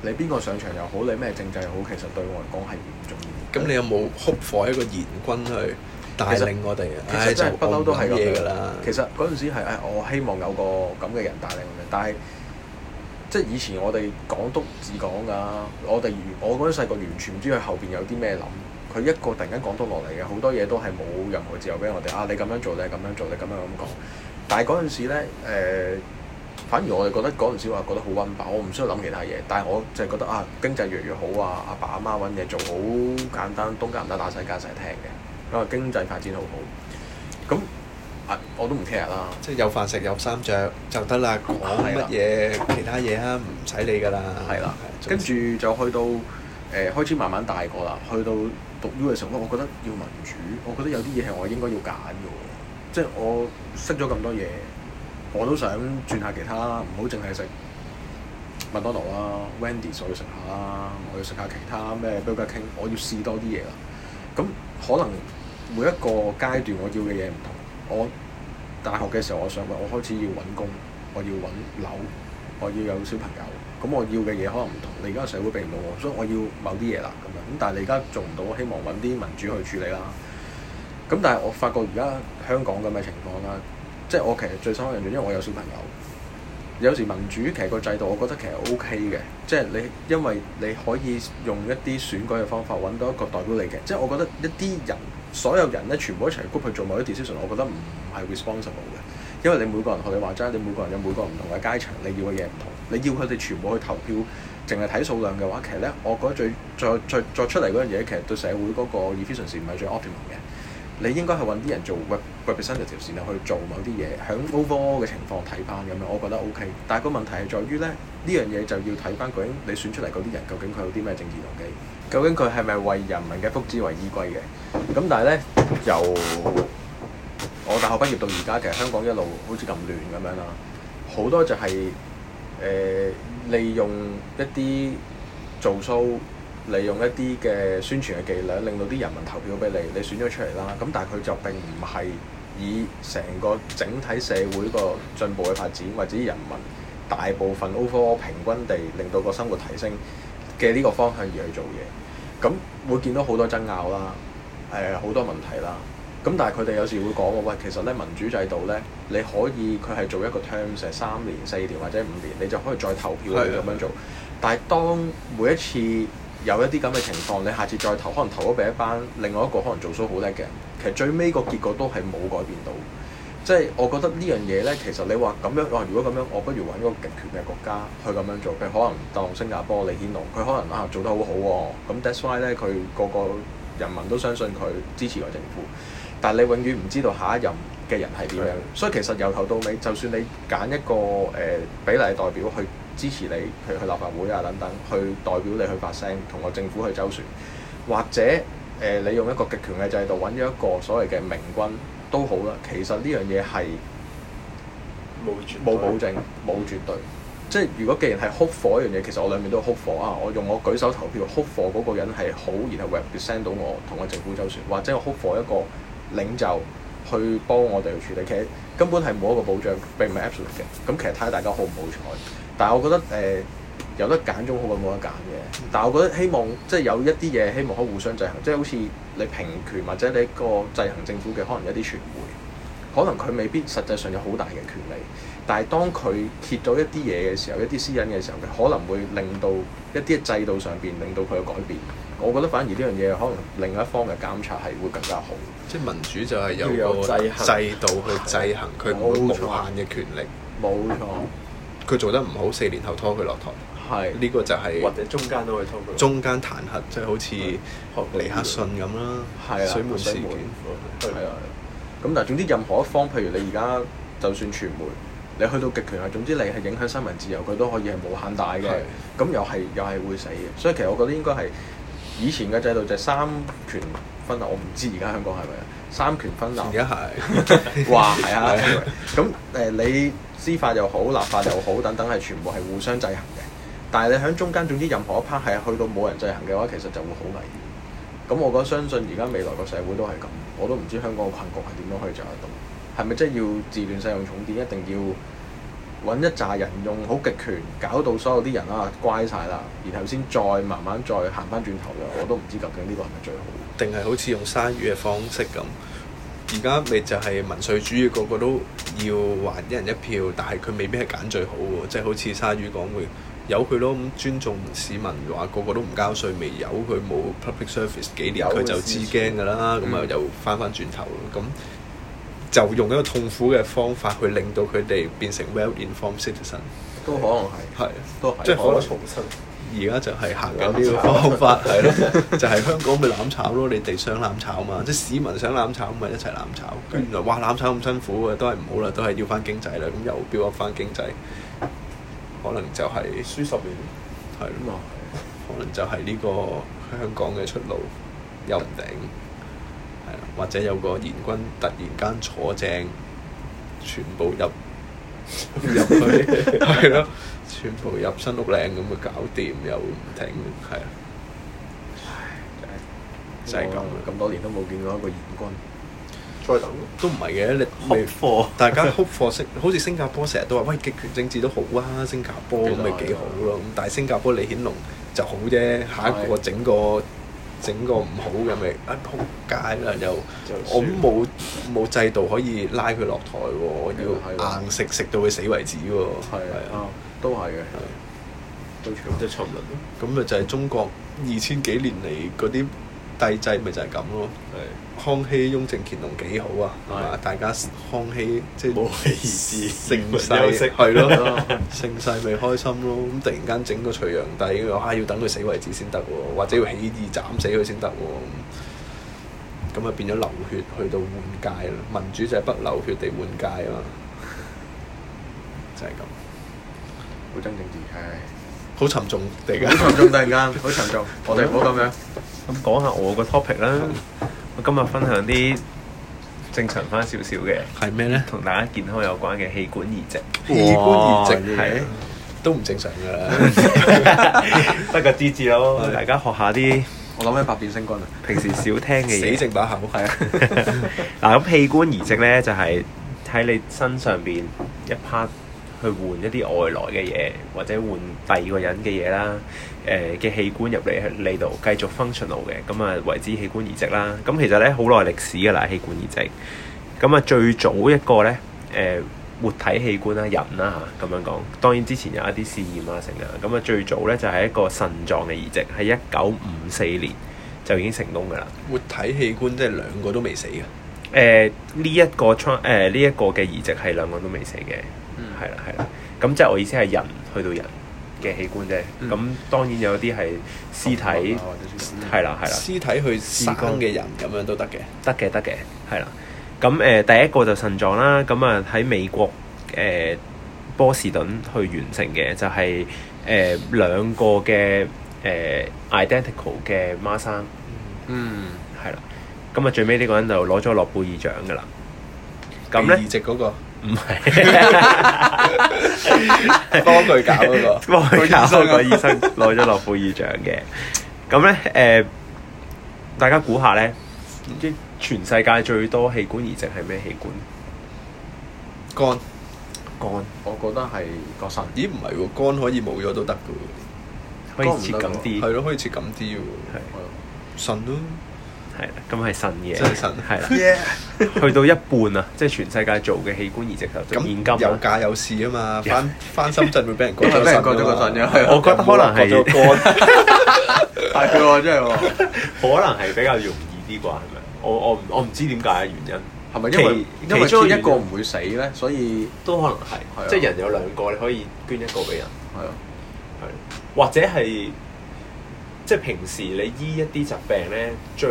你邊個上場又好，你咩政制又好，其實對我嚟講係唔重要。咁你有冇哭火一個援軍去？帶領我哋，其實真係不嬲都係咁嘅啦。其實嗰陣時係、哎、我希望有個咁嘅人帶領我哋，但係即係以前我哋港督治港㗎。我哋我嗰陣細個完全唔知佢後邊有啲咩諗。佢一個突然間講到多落嚟嘅，好多嘢都係冇任何自由俾我哋。啊，你咁樣做定係咁樣做定咁樣咁講。但係嗰陣時咧，誒、呃，反而我哋覺得嗰陣時話覺得好溫飽，我唔需要諗其他嘢。但係我就係覺得啊，經濟越嚟越好啊，阿爸阿媽揾嘢做好簡單，東家唔得，打西家唔得聽嘅。啊，經濟發展好好，咁啊我都唔 care 啦，即係有飯食有衫著就得啦。講乜嘢其他嘢啊唔使理噶啦，係啦的。之跟住就去到誒、呃、開始慢慢大個啦，去到讀 U 嘅時候，我覺得要民主，我覺得有啲嘢係我應該要揀嘅喎。即、就、係、是、我識咗咁多嘢，我都想轉下其他，唔好淨係食麥當勞啦、啊、Wendy，我要食下啦，我要食下其他咩，Burger King，我要試多啲嘢啦。咁可能。每一個階段我要嘅嘢唔同，我大學嘅時候我想問，我開始要揾工，我要揾樓，我要有小朋友，咁我要嘅嘢可能唔同。你而家社會畀唔到我，所以我要某啲嘢啦咁樣。咁但係你而家做唔到，希望揾啲民主去處理啦。咁但係我發覺而家香港咁嘅情況啦，即係我其實最深心念念，因為我有小朋友。有時民主其實個制度，我覺得其實 OK 嘅，即係你因為你可以用一啲選舉嘅方法揾到一個代表你嘅，即係我覺得一啲人，所有人咧全部一齊 group 去做某啲 decision，我覺得唔係 responsible 嘅，因為你每個人學你話齋，你每個人有每個唔同嘅階層，你要嘅嘢唔同，你要佢哋全部去投票，淨係睇數量嘅話，其實咧我覺得最再再再出嚟嗰樣嘢，其實對社會嗰個 efficiency 唔係最 optimal 嘅，你應該去揾啲人做 group，個 personality 線路去做某啲嘢，響 overall 嘅情況睇翻咁樣，我覺得 O K。但係個問題係在於咧，呢樣嘢就要睇翻究竟你選出嚟嗰啲人，究竟佢有啲咩政治動機，究竟佢係咪為人民嘅福祉為依歸嘅？咁但係咧，由我大學畢業到而家，其實香港一路好似咁亂咁樣啦，好多就係誒利用一啲造騷，利用一啲嘅宣傳嘅伎倆，令到啲人民投票俾你，你選咗出嚟啦。咁但係佢就並唔係。以成個整體社會個進步嘅發展，或者人民大部分 overall, 平均地令到個生活提升嘅呢個方向而去做嘢，咁、嗯、會見到好多爭拗啦，誒、呃、好多問題啦。咁、嗯、但係佢哋有時會講話喂，其實咧民主制度咧，你可以佢係做一個 terms 三年、四年或者五年，你就可以再投票去咁的樣做。但係當每一次有一啲咁嘅情況，你下次再投，可能投咗俾一班，另外一個可能做數好叻嘅人，其實最尾個結果都係冇改變到。即係我覺得呢樣嘢呢，其實你話咁樣，我如果咁樣，我不如揾個極權嘅國家去咁樣做，譬如可能當新加坡李顯龍，佢可能啊做得好好喎，咁 That's why 呢，佢個個人民都相信佢支持個政府。但係你永遠唔知道下一任嘅人係點樣，的所以其實由頭到尾，就算你揀一個誒比例代表去。支持你，譬如去立法會啊等等，去代表你去發聲，同個政府去周旋，或者誒、呃、你用一個極權嘅制度揾咗一個所謂嘅明君都好啦。其實呢樣嘢係冇冇保證，冇絕，絕對。即係如果既然係 hope for 一樣嘢，其實我兩邊都係 hope for 啊！我用我舉手投票 hope for 嗰個人係好，然後 represent 到我同個政府周旋，或者我 hope for 一個領袖去幫我哋去處理。其實根本係冇一個保障，並唔係 absolute 嘅。咁其實睇下大家好唔好彩。但係我覺得誒、呃、有得揀仲好過冇得揀嘅。但係我覺得希望，即係有一啲嘢希望可以互相制衡，即係好似你平權或者你一個制衡政府嘅可能一啲傳媒，可能佢未必實際上有好大嘅權力。但係當佢揭到一啲嘢嘅時候，一啲私隱嘅時候，佢可能會令到一啲制度上邊令到佢嘅改變。我覺得反而呢樣嘢可能另一方嘅監察係會更加好。即係民主就係有個制，有制，制度去制衡，佢唔會無限嘅權力。冇錯。佢做得唔好，四年後拖佢落台。係，呢個就係或者中間都可以拖佢。中間彈劾，即係好似尼克遜咁啦。係啊，水門事件。係啊。咁但係總之任何一方，譬如你而家就算傳媒，你去到極權啊，總之你係影響新聞自由，佢都可以係冇限大嘅。係。咁又係又係會死嘅。所以其實我覺得應該係以前嘅制度就係三權分立，我唔知而家香港係咪啊？三權分立。而家係嘩，係啊。咁誒你？司法又好，立法又好，等等係全部係互相制衡嘅。但係你響中間，總之任何一 part 係去到冇人制衡嘅話，其實就會好危險。咁我覺得相信而家未來個社會都係咁，我都唔知香港嘅困局係點樣可以著得到，係咪真係要自亂世用重典，一定要揾一紮人用好極權搞到所有啲人啊乖晒啦，然後先再慢慢再行翻轉頭啦，我都唔知究竟呢個係咪最好。定係好似用鯊魚嘅方式咁？而家咪就係民粹主義個個都～要還一人一票，但係佢未必係揀最好喎，即係好似鯊魚講句，由佢咯，咁尊重市民話個個都唔交稅，未由佢冇 public service 幾年，佢就知驚㗎啦，咁啊、嗯、又翻翻轉頭咯，咁就用一個痛苦嘅方法去令到佢哋變成 well informed citizen，都可能係係，的的都即係可能重生。而家就係行緊呢個方法，係咯， 就係、是、香港咪攬炒咯？你哋想攬炒嘛？即市民想攬炒，咪一齊攬炒。咁的原來哇，攬炒咁辛苦嘅，都係唔好啦，都係要翻經濟啦。咁又飆一翻經濟，可能就係輸十年，係咯 可能就係呢個香港嘅出路，又唔定，係啦，或者有個賢君突然間坐正，全部入。入 去，係咯，全部入新屋領咁咪搞掂，又唔停，係啊，就係、是、咁，咁我 多年都冇見到一個元軍。再等都唔係嘅，你哭貨，Hope for, 大家哭貨式，好似新加坡成日都話：喂，極權政治都好啊，新加坡咁咪幾好咯、啊。對但係新加坡李顯龍就好啫，對下一個整個。整個唔好嘅咪一撲街啦！又我冇冇制度可以拉佢落台喎，我要硬食食到佢死為止喎。係啊，都係嘅。對住咁多巡人，咁咪就係中國二千幾年嚟嗰啲。帝制咪就係咁咯。康熙、雍正、乾隆幾好啊？係嘛？大家康熙即係冇氣節，盛世係咯，盛世咪開心咯。咁突然間整個隋煬帝，但係要哇要等佢死為止先得喎，或者要起義斬死佢先得喎。咁啊變咗流血去到換屆啦。民主就係不流血地換屆啊嘛，就係咁。好真正字係好沉重突然間，好沉重突然間，好沉重。我哋唔好咁樣。咁講下我個 topic 啦， 我今日分享啲正常翻少少嘅。係咩呢？同大家健康有關嘅器官移植。器官哇移植嘅、啊、都唔正常㗎。得個知字咯，啊、大家學下啲。我諗起百變星君啦，平時少聽嘅嘢。 死剩把口，係啊。嗱咁器官移植呢，就係、是、喺你身上邊一 part。去換一啲外來嘅嘢，或者換第二個人嘅嘢啦。誒、呃、嘅器官入嚟喺你度繼續 functional 嘅，咁啊，為之器官移植啦。咁、嗯、其實咧好耐歷史噶啦，器官移植咁啊，最早一個咧誒、呃、活體器官啦，人啦嚇咁樣講。當然之前有一啲試驗啊，成日咁啊，最早咧就係、是、一個腎臟嘅移植，喺一九五四年就已經成功噶啦。活體器官即係兩個都未死嘅誒呢一個 t 呢、呃、一個嘅移植係兩個都未死嘅。係啦，係啦，咁即係我意思係人去到人嘅器官啫。咁當然有啲係屍體，係啦，係啦，屍體去生嘅人咁樣都得嘅。得嘅，得嘅，係啦。咁誒，第一個就腎臟啦。咁啊喺美國誒波士頓去完成嘅，就係誒兩個嘅誒 identical 嘅孖生。嗯，係啦。咁啊最尾呢個人就攞咗諾貝爾獎㗎喇。咁咧？唔係，不 幫佢搞嗰、那個， 幫佢搞嗰個醫生攞咗諾貝爾獎嘅。咁咧，誒、呃，大家估下咧，唔知全世界最多器官移植係咩器官？肝肝乾，乾我覺得係個腎。咦，唔係喎，肝可以冇咗都得嘅喎，可以切咁啲，係咯是，可以切咁啲喎，係、啊，腎呢？係咁係腎嘅，係啦，去到一半啊，即係全世界做嘅器官移植手術，咁現今有價有市啊嘛，翻翻深圳會俾人割咗腎嘅，係，我覺得可能係，係喎，真係可能係比較容易啲啩，係咪？我我唔我唔知點解嘅原因，係咪因為其中一個唔會死咧，所以都可能係，即係人有兩個，你可以捐一個俾人，係啊，或者係。即係平時你醫一啲疾病咧，最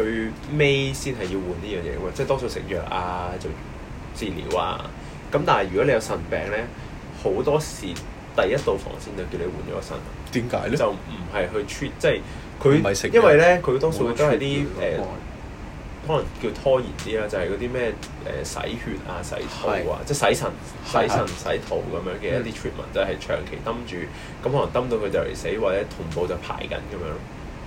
尾先係要換呢樣嘢喎。即係多數食藥啊，做治療啊。咁但係如果你有腎病咧，好多時第一道防線就叫你換咗個腎。點解咧？就唔係去 treat，即係佢，因為咧佢多數都係啲誒，呃、可能叫拖延啲啦，就係嗰啲咩誒洗血啊、洗肚啊，的即係洗腎、的洗腎洗肚咁樣嘅一啲治療都係的長期蹲住，咁可能蹲到佢就嚟死，或者同步就排緊咁樣。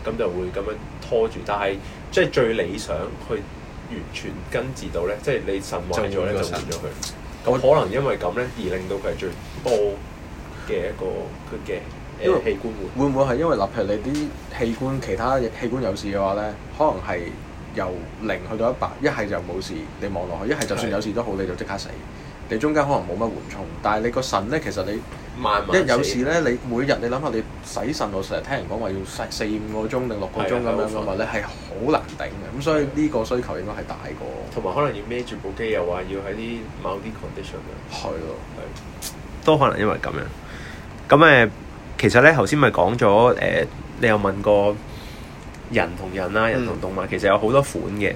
咁就會咁樣拖住，但係即係最理想去完全根治到咧，即係你神話咗咧就完咗佢。咁我可能因為咁咧，而令到佢係最多嘅一個佢嘅誒器官會會唔會係因為，例如你啲器官其他器官有事嘅話咧，可能係由零去到一百，一係就冇事，你望落去；一係就算有事都好，的你就即刻死。你中間可能冇乜緩衝，但係你個腎咧，其實你慢慢因為有時咧，你每日你諗下，你洗腎，我成日聽人講話要洗四五個鐘定六個鐘咁樣嘅話咧，係好難頂嘅。咁所以呢個需求應該係大過，同埋可能要孭住部機，又話要喺啲某啲 condition 咁樣係咯，係都可能因為咁樣咁誒、呃。其實咧頭先咪講咗誒，你又問過人同人啦，人同動物其實有好多款嘅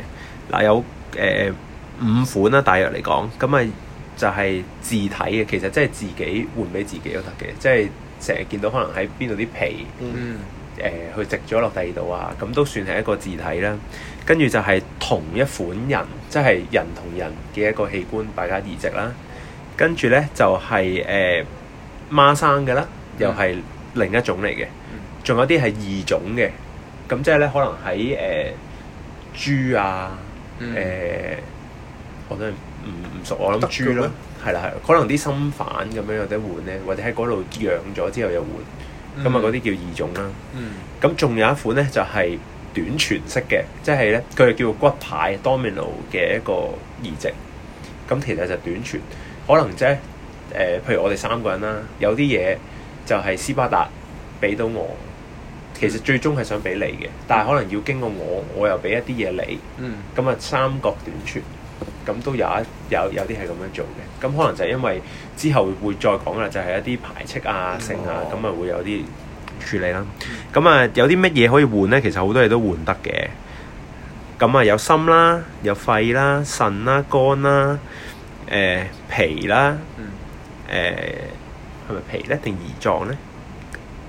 嗱、呃，有誒、呃、五款啦，大約嚟講咁啊。就係自體嘅，其實即係自己換俾自己都得嘅，即係成日見到可能喺邊度啲皮，誒去植咗落第二度啊，咁、呃、都算係一個自體啦。跟住就係同一款人，即係人同人嘅一個器官，大家移植啦。跟住咧就係誒孖生嘅啦，又係另一種嚟嘅。仲有啲係異種嘅，咁即係咧可能喺誒、呃、豬啊，誒、嗯呃，我都～唔唔熟，我諗豬咯，係啦係，可能啲心瓣咁樣有得換咧，或者喺嗰度養咗之後又換，咁啊嗰啲叫異種啦。咁仲、嗯、有一款咧就係、是、短存式嘅，即係咧佢哋叫骨牌 Domino 嘅一個移植。咁其實就短存，可能即係誒，譬如我哋三個人啦，有啲嘢就係斯巴達俾到我，其實最終係想俾你嘅，但係可能要經過我，我又俾一啲嘢你，咁啊、嗯、三角短存。咁都有一有有啲係咁樣做嘅，咁可能就係因為之後會再講啦，就係、是、一啲排斥啊、剩啊、哦，咁啊會有啲處理啦。咁啊、嗯、有啲乜嘢可以換咧？其實好多嘢都換得嘅。咁啊有心啦，有肺啦，腎啦，肝啦，誒、呃、皮啦，誒係咪脾咧？定胰臟咧？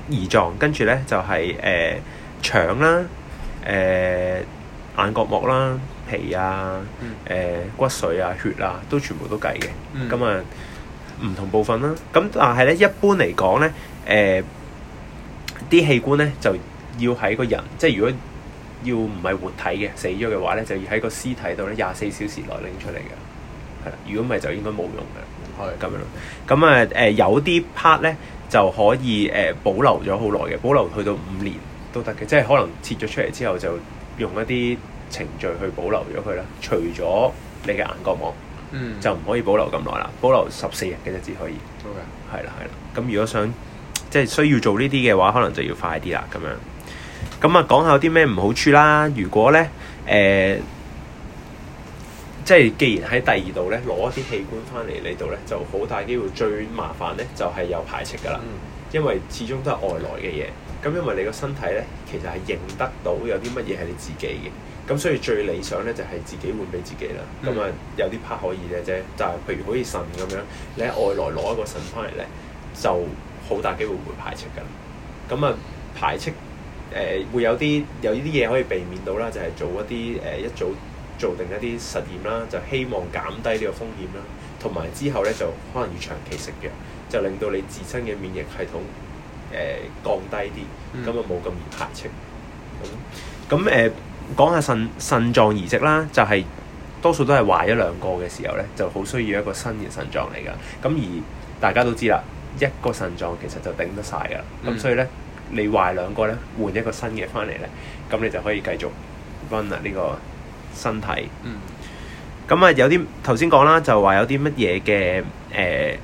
胰臟跟住咧就係、是、誒、呃、腸啦，誒、呃、眼角膜啦。皮啊，誒、呃、骨髓啊、血啊，都全部都計嘅。咁啊、嗯，唔同部分啦。咁但係咧，一般嚟講咧，誒、呃、啲器官咧就要喺個人，即係如果要唔係活體嘅死咗嘅話咧，就要喺個屍體度咧廿四小時內拎出嚟嘅。係啦，如果唔係就應該冇用嘅。係咁樣咯。咁啊誒有啲 part 咧就可以誒、呃、保留咗好耐嘅，保留去到五年都得嘅，即係可能切咗出嚟之後就用一啲。程序去保留咗佢啦，除咗你嘅眼角膜，嗯、就唔可以保留咁耐啦，保留十四日嘅日子可以。OK，係啦係啦。咁如果想即係需要做呢啲嘅話，可能就要快啲啦。咁樣咁啊，講下有啲咩唔好處啦。如果咧，誒、呃，即係既然喺第二度咧攞一啲器官翻嚟呢度咧，就好大機會最麻煩咧就係有排斥噶啦，嗯、因為始終都係外來嘅嘢。咁因為你個身體咧其實係認得到有啲乜嘢係你自己嘅。咁所以最理想咧，就係自己換俾自己啦。咁啊、嗯，有啲 part 可以嘅啫。但、就、係、是、譬如好似腎咁樣，你喺外來攞一個腎翻嚟咧，就好大機會會排斥㗎。咁啊，排斥誒、呃、會有啲有呢啲嘢可以避免到啦，就係、是、做一啲誒、呃、一早做，做定一啲實驗啦，就希望減低呢個風險啦。同埋之後咧，就可能要長期食藥，就令到你自身嘅免疫系統誒、呃、降低啲，咁啊冇咁易排斥。咁咁誒。講下腎腎臟移植啦，就係、是、多數都係壞咗兩個嘅時候咧，就好需要一個新嘅腎臟嚟噶咁而大家都知啦，一個腎臟其實就頂得晒噶啦。咁、嗯、所以咧，你壞兩個咧，換一個新嘅翻嚟咧，咁你就可以繼續 run 啊呢個身體。咁啊、嗯，有啲頭先講啦，就話有啲乜嘢嘅誒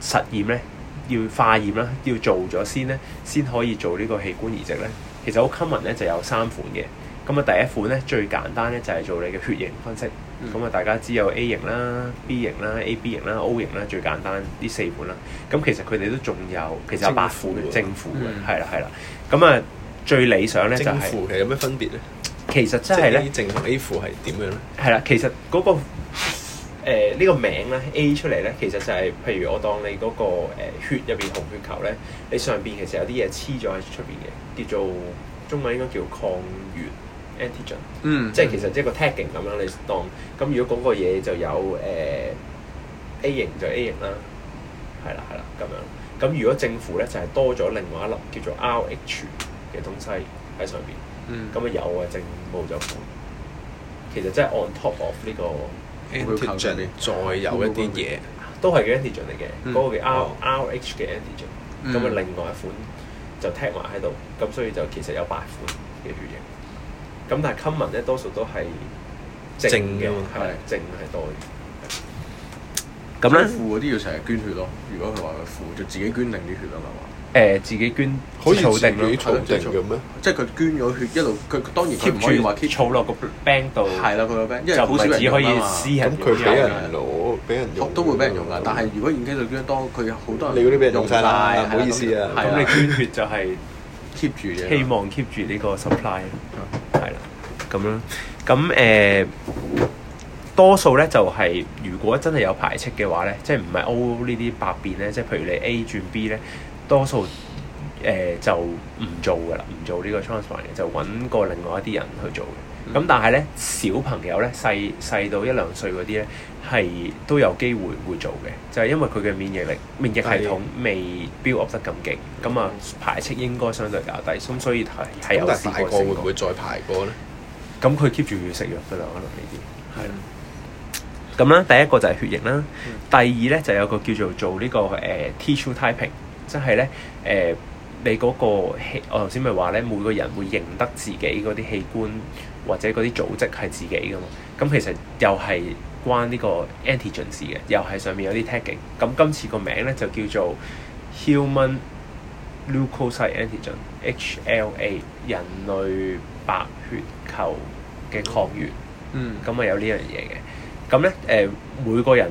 實驗咧，要化驗啦，要做咗先咧，先可以做呢個器官移植咧。其實好 common 咧，就有三款嘅。咁啊，第一款咧最簡單咧就係做你嘅血型分析。咁啊、嗯，大家知有 A 型啦、B 型啦、AB 型啦、O 型啦，最簡單呢四款啦。咁其實佢哋都仲有，其實有八款正負乎嘅，係啦，係啦。咁啊、嗯，最理想咧就係、是、正負嘅，有咩分別咧、就是？其實真係咧，正同 A 負係點樣咧？係啦，其實嗰個。誒呢、呃這個名咧 A 出嚟咧，其實就係、是、譬如我當你嗰、那個、呃、血入邊紅血球咧，你上邊其實有啲嘢黐咗喺出邊嘅，叫做中文應該叫抗原 antigen，mm hmm. 即係其實即係個 tagging 咁樣你當。咁如果嗰個嘢就有誒、呃、A 型就 A 型啦，係啦係啦咁樣。咁如果正負咧就係、是、多咗另外一粒叫做 Rh 嘅東西喺上邊，嗯、mm，咁、hmm. 啊有啊正冇就負。其實真係 on top of 呢、這個。再有一啲嘢，都係嘅 antigen 嚟嘅，嗰個嘅 R R H 嘅 antigen。咁啊，另外一款就 take 埋喺度，咁所以就其實有八款嘅血液。咁但係 common 咧，多數都係正嘅，係正係多嘅。咁咧？負啲要成日捐血咯。如果佢話佢負，就自己捐定啲血啊？咪話？誒自己捐可以儲定，儲定嘅咩？即係佢捐咗血，一路佢當然 keep 住，話 keep 儲落個 bank 度。係啦，佢個 bank，因為好少人可以私人用嘅。佢俾人攞，俾人用都會俾人用噶。但係如果院級度捐得多，佢好多人你嗰啲俾人用曬，唔好意思啊。咁你捐血就係 keep 住希望 keep 住呢個 supply。係啦，咁樣咁誒，多數咧就係如果真係有排斥嘅話咧，即係唔係 O 呢啲百變咧？即係譬如你 A 轉 B 咧。多數誒就唔做㗎啦，唔做呢個 transplant 嘅，就揾過另外一啲人去做嘅。咁但係咧，小朋友咧細細到一兩歲嗰啲咧係都有機會會做嘅，就係因為佢嘅免疫力、免疫系統未 build up 得咁勁，咁啊排斥應該相對較低，咁所以係係有。但大個會唔會再排過咧？咁佢 keep 住要食藥㗎啦，可能呢啲係啦。咁啦，第一個就係血液啦，第二咧就有個叫做做呢個誒 Tissue Typing。.即係咧，誒、呃，你嗰個器，我頭先咪話咧，每個人會認得自己嗰啲器官或者嗰啲組織係自己噶嘛，咁其實又係關呢個 antigen 嘅，又係上面有啲 tagging，咁今次個名咧就叫做 human leukocyte antigen（HLA） 人類白血球嘅抗原，嗯，咁啊有呢樣嘢嘅，咁咧誒每個人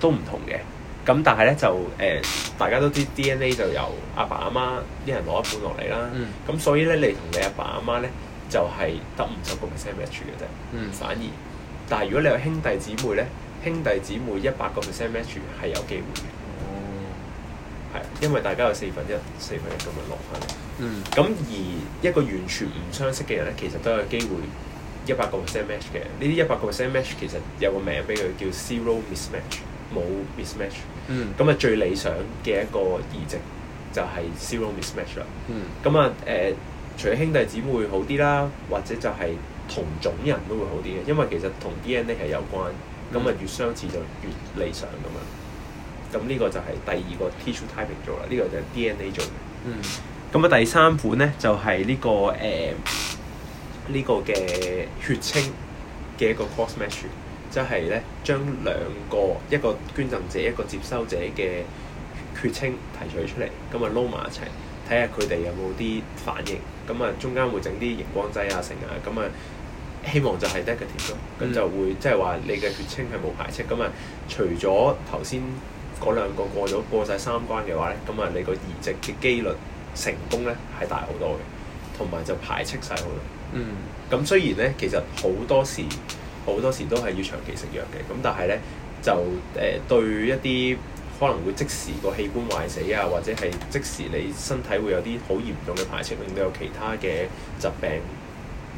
都唔同嘅。咁但係咧就誒、呃，大家都知 DNA 就由阿爸阿媽一人攞一半落嚟啦。咁、嗯、所以咧，你同你阿爸阿媽咧就係得五十個 percent match 嘅啫。嗯、反而，但係如果你有兄弟姊妹咧，兄弟姊妹一百個 percent match 係有機會嘅。哦，係因為大家有四分一、四分一咁樣落翻嚟。咁、嗯、而一個完全唔相識嘅人咧，其實都有機會一百個 percent match 嘅。呢啲一百個 percent match 其實有個名俾佢叫 zero mismatch，冇 mismatch。嗯，咁啊最理想嘅一個移植就係 zero mismatch 啦。嗯，咁啊誒，除咗兄弟姊妹會好啲啦，或者就係同種人都會好啲嘅，因為其實同 DNA 係有關。咁啊、嗯、越相似就越理想咁樣。咁呢個就係第二個 tissue typing 做啦，呢、這個就係 DNA 做嘅。嗯，咁啊第三款咧就係、是、呢、這個誒呢、呃這個嘅血清嘅一個 cross match。即係咧，將兩個一個捐贈者一個接收者嘅血清提取出嚟，咁啊撈埋一齊，睇下佢哋有冇啲反應。咁啊，中間會整啲熒光劑啊成啊，咁啊，希望就係 negative。咁就會即係話你嘅血清係冇排斥。咁啊，除咗頭先嗰兩個過咗過晒三關嘅話咧，咁啊，你個移植嘅機率成功咧係大好多嘅，同埋就排斥晒好多。嗯。咁雖然咧，其實好多時。好多時都係要長期食藥嘅，咁但係咧就誒、呃、對一啲可能會即時個器官壞死啊，或者係即時你身體會有啲好嚴重嘅排斥，令到有其他嘅疾病，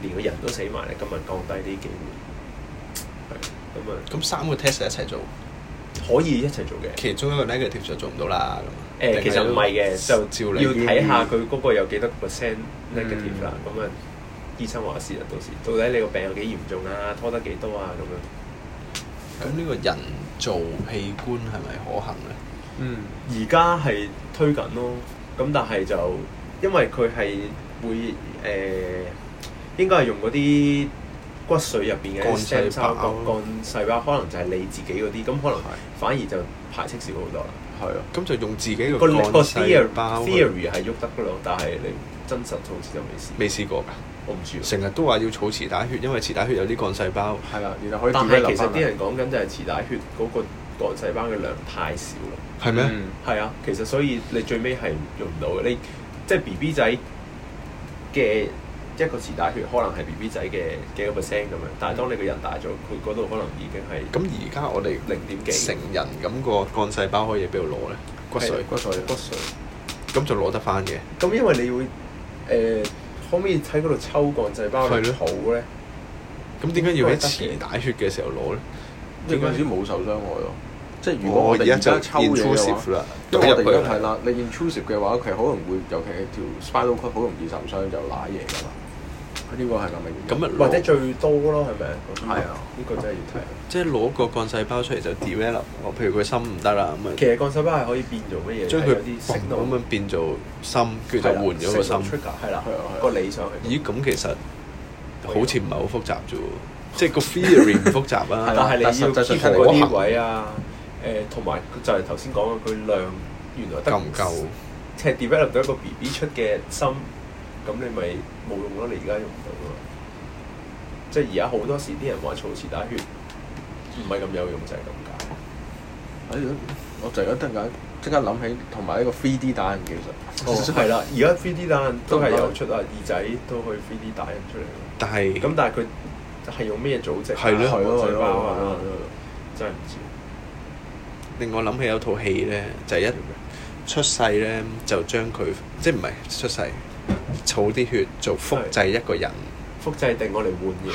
連個人都死埋咧，咁咪降低啲機會。咁啊，咁、嗯那嗯、三個 test 一齊做可以一齊做嘅，其中一個 negative 就做唔到啦。咁誒、嗯，其實唔係嘅，就要照要睇下佢嗰個有幾多 percent negative 啦。咁啊。嗯嗯嗯。醫生話：事實到時到底你個病有幾嚴重啊？拖得幾多，多啊？咁樣，咁呢個人造器官係咪可行咧？嗯，而家係推緊咯。咁但係就因為佢係會誒、呃，應該係用嗰啲骨髓入邊嘅幹細胞，幹細胞可能就係你自己嗰啲，咁可能反而就排斥少好多啦。係啊、嗯，咁的就用自己個幹細胞。嗰個嗰個、Theory 係喐得噶咯，啊、但係你真實措施就未試未試過㗎。我唔知，成日都話要儲臍帶血，因為臍帶血有啲幹細胞。係啦，原來可以來，但係其實啲人講緊就係臍帶血嗰個幹細胞嘅量太少啦。係咩嗎？係啊、嗯，其實所以你最尾係用唔到嘅。你即係、就是、B B 仔嘅一個臍帶血，可能係 B B 仔嘅幾個 percent 咁樣。但係當你個人大咗，佢嗰度可能已經係咁。而家我哋零點幾成人咁個幹細胞可以喺邊度攞咧？骨髓，骨髓，骨髓水。咁水就攞得翻嘅。咁因為你會誒？呃可唔可以喺嗰度抽幹細胞嚟儲咧？咁點解要喺臍帶血嘅時候攞咧？點解先冇受傷害喎？即係如果我哋突然間抽咗嘅，因為我突然間係啦，你 intrusive 嘅話，佢可能會尤其係條 spinal cord 好容易受傷，就瀨嘢噶啦。呢個係咁嘅，咁啊，或者最多咯，係咪？係啊，呢個真係要睇。即係攞個幹細胞出嚟就 develop，譬如佢心唔得啦咁啊。其實幹細胞係可以變做乜嘢？將佢啲升到咁樣變做心，叫做就換咗個心。係啦，個理想。咦？咁其實好似唔係好複雜啫喎，即係個 theory 唔複雜啦。但係你要結合啲位啊，誒，同埋就係頭先講嘅佢量原來夠唔夠？即係 develop 到一個 BB 出嘅心。咁你咪冇用咯！你而家用唔到啊嘛，即係而家好多時啲人話儲錢打血唔係咁有用，就係咁解。我突然間突然間即刻諗起同埋呢個 three D 打印技術，係啦，而家 three D 打印都係有出啊，耳仔都可以 three D 打印出嚟。但係咁，但係佢係用咩組織？係咯，細胞啊，真係唔知。令我諗起有套戲咧，就係一出世咧就將佢即係唔係出世。儲啲血做複製一個人，的複製定我嚟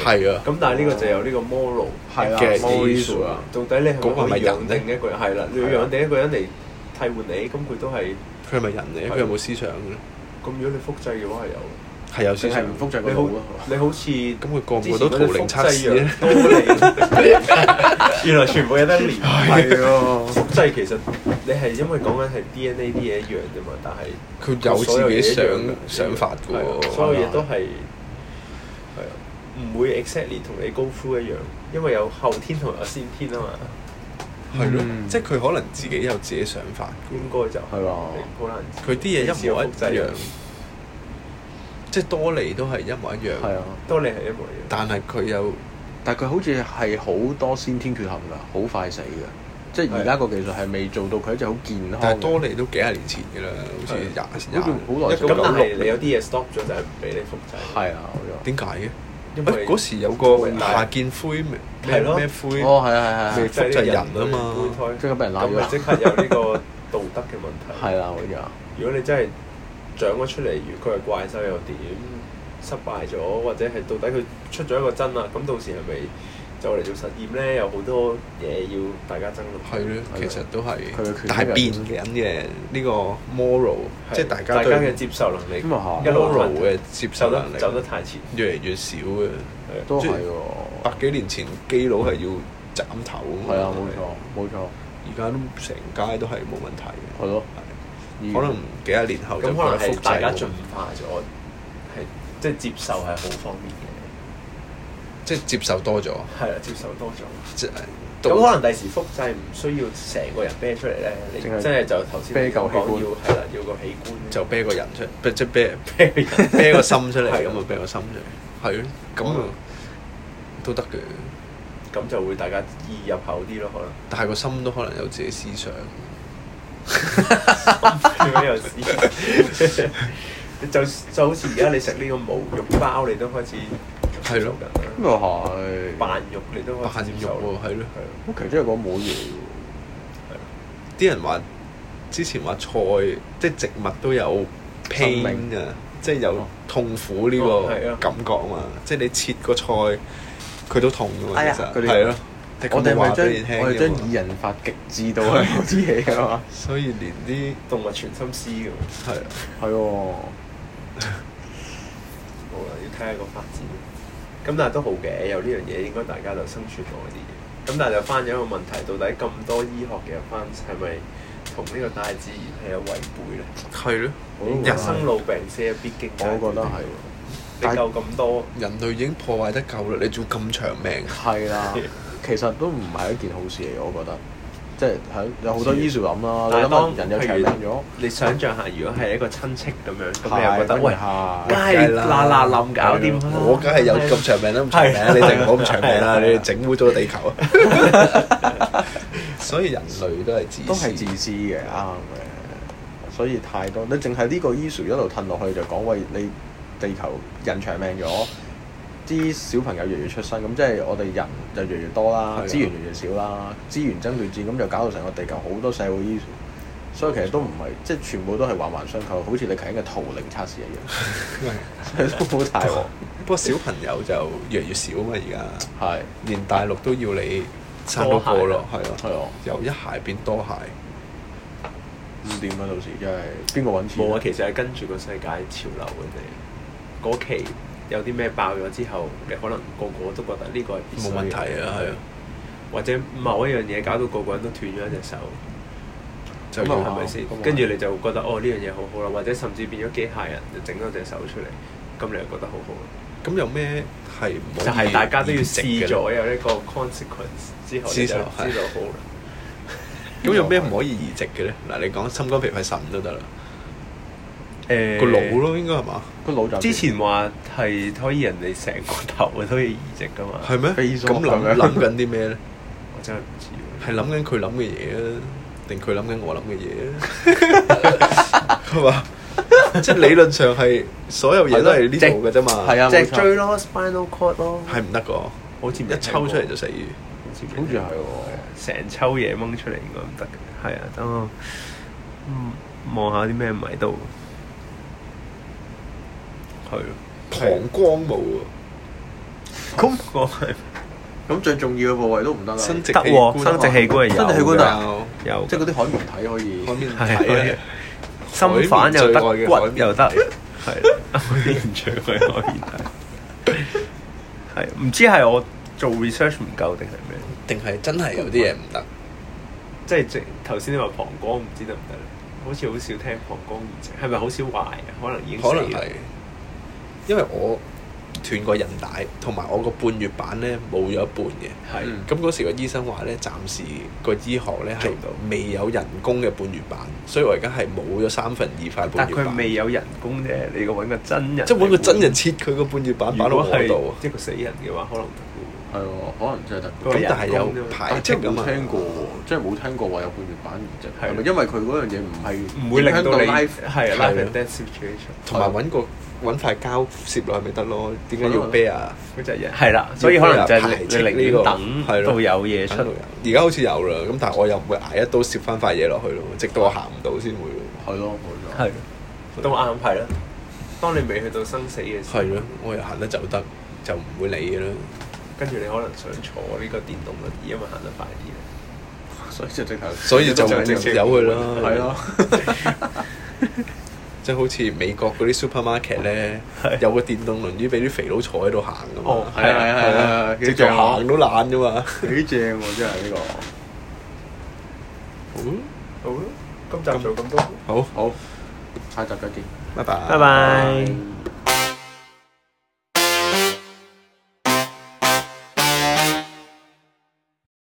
換嘢係啊。咁的但係呢個就有呢個 moral 嘅 issue 啊的。 moral, 到底你嗰個係人定一個人？係啦呢，你要樣定一個人嚟替換你，咁佢的都係佢係咪人嚟？佢的有冇思想嘅？咁如果你複製嘅話，係有。係有少少係唔複製好你好似咁佢個個都圖靈測試咧，原來全部有得連。係啊，即係其實你係因為講緊係 DNA 啲嘢一樣啫嘛，但係佢有自己想想法嘅喎，所有嘢都係係啊，唔會 exactly 同你功夫一樣，因為有後天同有先天啊嘛。係咯，即係佢可能自己有自己想法，應該就係好難。佢啲嘢一模一樣。即係多利都係一模一樣，係啊，多利係一模一樣。但係佢有，但係佢好似係好多先天缺陷㗎，好快死㗎。即係而家個技術係未做到佢一隻好健康。但係多利都幾廿年前㗎啦，好似廿，一段好耐。咁但你有啲嘢 stop 咗就係唔俾你複製。係啊，我點解嘅？喂，因為嗰時有個夏建輝咩咩灰？哦，係係係係，複製人啊嘛，即刻俾人鬧咗。即刻有呢個道德嘅問題。係啊，我依家如果你真係。長咗出嚟，如佢係怪獸又點？失敗咗，或者係到底佢出咗一個真啊？咁到時係咪就嚟做實驗咧？有好多嘢要大家爭論。係咯，其實都係，但係變緊嘅呢個 moral，即係大家大家嘅接受能力，一路路嘅接受能力，走得太前，越嚟越少嘅。都係百幾年前基佬係要斬頭，係啊，冇錯冇錯，而家都成街都係冇問題嘅。係咯。可能幾多年後就係大家進化咗，係即係接受係好方便嘅，即係接受多咗。係啊，接受多咗。咁可能第時複製唔需要成個人啤出嚟咧，你即係就頭先講要係啦，要個器官就啤個人出嚟，即係啤啤個心出嚟，咁啊啤個心出嚟，係啊，咁啊都得嘅。咁就會大家易入口啲咯，可能。但係個心都可能有自己思想。你 就就好似而家你食呢個冇肉包，你都開始係咯，咁啊係扮肉你都扮肉喎、啊？係咯，係咯了。其實真係講冇嘢喎，係啦。啲人話之前話菜即係植物都有 pain 啊明，即係有痛苦呢個感覺嘛。哦哦、即係你切個菜，佢都痛㗎喎，哎、呀其實係咯。他們 了 我哋咪將嗎我哋將以人法極致到啊！ 所以連啲動物全心思嘅，係 啊，係喎。 好啦，要睇下個發展。咁但係都好嘅，有呢樣嘢應該大家就生存耐啲。咁但係就返咗一個問題，到底咁多醫學嘅翻係咪同呢個大自然係有違背咧？係咯、啊，人生老病死啊，必經。我覺得係喎。你救咁多人類已經破壞得夠啦，你做咁長命？係啦。其實都唔係一件好事嚟，我覺得，即係有好多 issue 諗啦。但係當人又長命咗，你想象下，如果係一個親戚咁樣咁，你覺得喂，梗係啦啦冧搞掂我梗係有咁長命都唔長命。你哋唔好咁長命啦，你哋整污糟地球啊！所以人類都係都係自私嘅，啱嘅。所以太多，你淨係呢個 issue 一路褪落去就講，喂，你地球人長命咗。啲小朋友越嚟越出生，咁即係我哋人就越嚟越多啦，資源越嚟越少啦，資源爭奪戰咁就搞到成個地球好多社會 issue，所以其實都唔係即係全部都係環環相扣，好似你睇緊嘅圖靈測試一樣，係都冇太不過小朋友就越嚟越少啊嘛而家，係連大陸都要你生多個咯，係咯，由一孩變多孩，鞋，點啊到時？而係邊個搵錢？冇啊，其實係跟住個世界潮流嘅啫，嗰期。有啲咩爆咗之後，可能個個都覺得呢個係冇問題啊，係啊，或者某一樣嘢搞到個個人都斷咗一隻手，咁啊係咪先？跟住吧、嗯、你就覺得哦呢樣嘢好好啦，或者甚至變咗機械人就整多隻手出嚟，咁你又覺得好好啦。咁有咩係就係大家都要試咗有呢個 consequence 之後，知道知道好啦。咁 有咩唔可以移植嘅咧？嗱，你講心肝脾肺腎都得啦。誒個腦咯，應該係嘛？個腦就之前話係可以人哋成個頭啊，都可以移植㗎嘛？係咩？咁諗諗緊啲咩咧？我真係唔知喎。係諗緊佢諗嘅嘢啊，定佢諗緊我諗嘅嘢啊？係嘛？即係理論上係所有嘢都係呢度嘅啫嘛。係啊，即係椎咯，spinal cord 咯。係唔得㗎，好似一抽出嚟就死。好似好似係喎，成抽嘢掹出嚟應該唔得嘅。係啊，等我望下啲咩唔係都。係啊，膀胱冇啊，咁我係，咁最重要嘅部位都唔得啦，得喎，生殖器官，生殖器官有，有，即係嗰啲海綿體可以，海綿體心瓣又得，骨又得，係，啲唔重要嘅可以，係，係，唔知係我做 research 唔夠定係咩？定係真係有啲嘢唔得？即係即係頭先你話膀胱唔知得唔得咧？好似好少聽膀胱移植，係咪好少壞啊？可能已經可能係。因為我斷過韌帶，同埋我個半月板咧冇咗一半嘅。係。咁嗰時個醫生話咧，暫時個醫學咧係未有人工嘅半月板，所以我而家係冇咗三分二塊半月板。佢未有人工啫，你個揾個真人。即係揾個真人切佢個半月板擺到喺度。啊。如果係一個死人嘅話，可能唔同。係可能真係得。咁但係有排即係冇聽過喎，即係冇聽過話有半月板移植。係咪因為佢嗰樣嘢唔係唔會令到你係同埋揾個。揾塊膠攝落去咪得咯？點解要啤嗰隻嘢？係啦，所以可能就係你你等，係咯，會有嘢出到而家好似有啦，咁但係我又唔會挨一刀攝翻塊嘢落去咯，直到我行唔到先會咯。係咯，冇錯。係都啱排啦。當你未去到生死嘅時，係咯，我又行得走得，就唔會理嘅啦。跟住你可能想坐呢個電動輪椅，因為行得快啲所以就直頭，所以就直接有佢啦。係咯。好似美國嗰啲 supermarket 咧，有個電動輪椅俾啲肥佬坐喺度行咁啊！係啊係啊，直頭行都懶㗎嘛，幾正喎！真係呢個，好，好，今集就咁多，好，好，下集再見，拜拜，拜拜。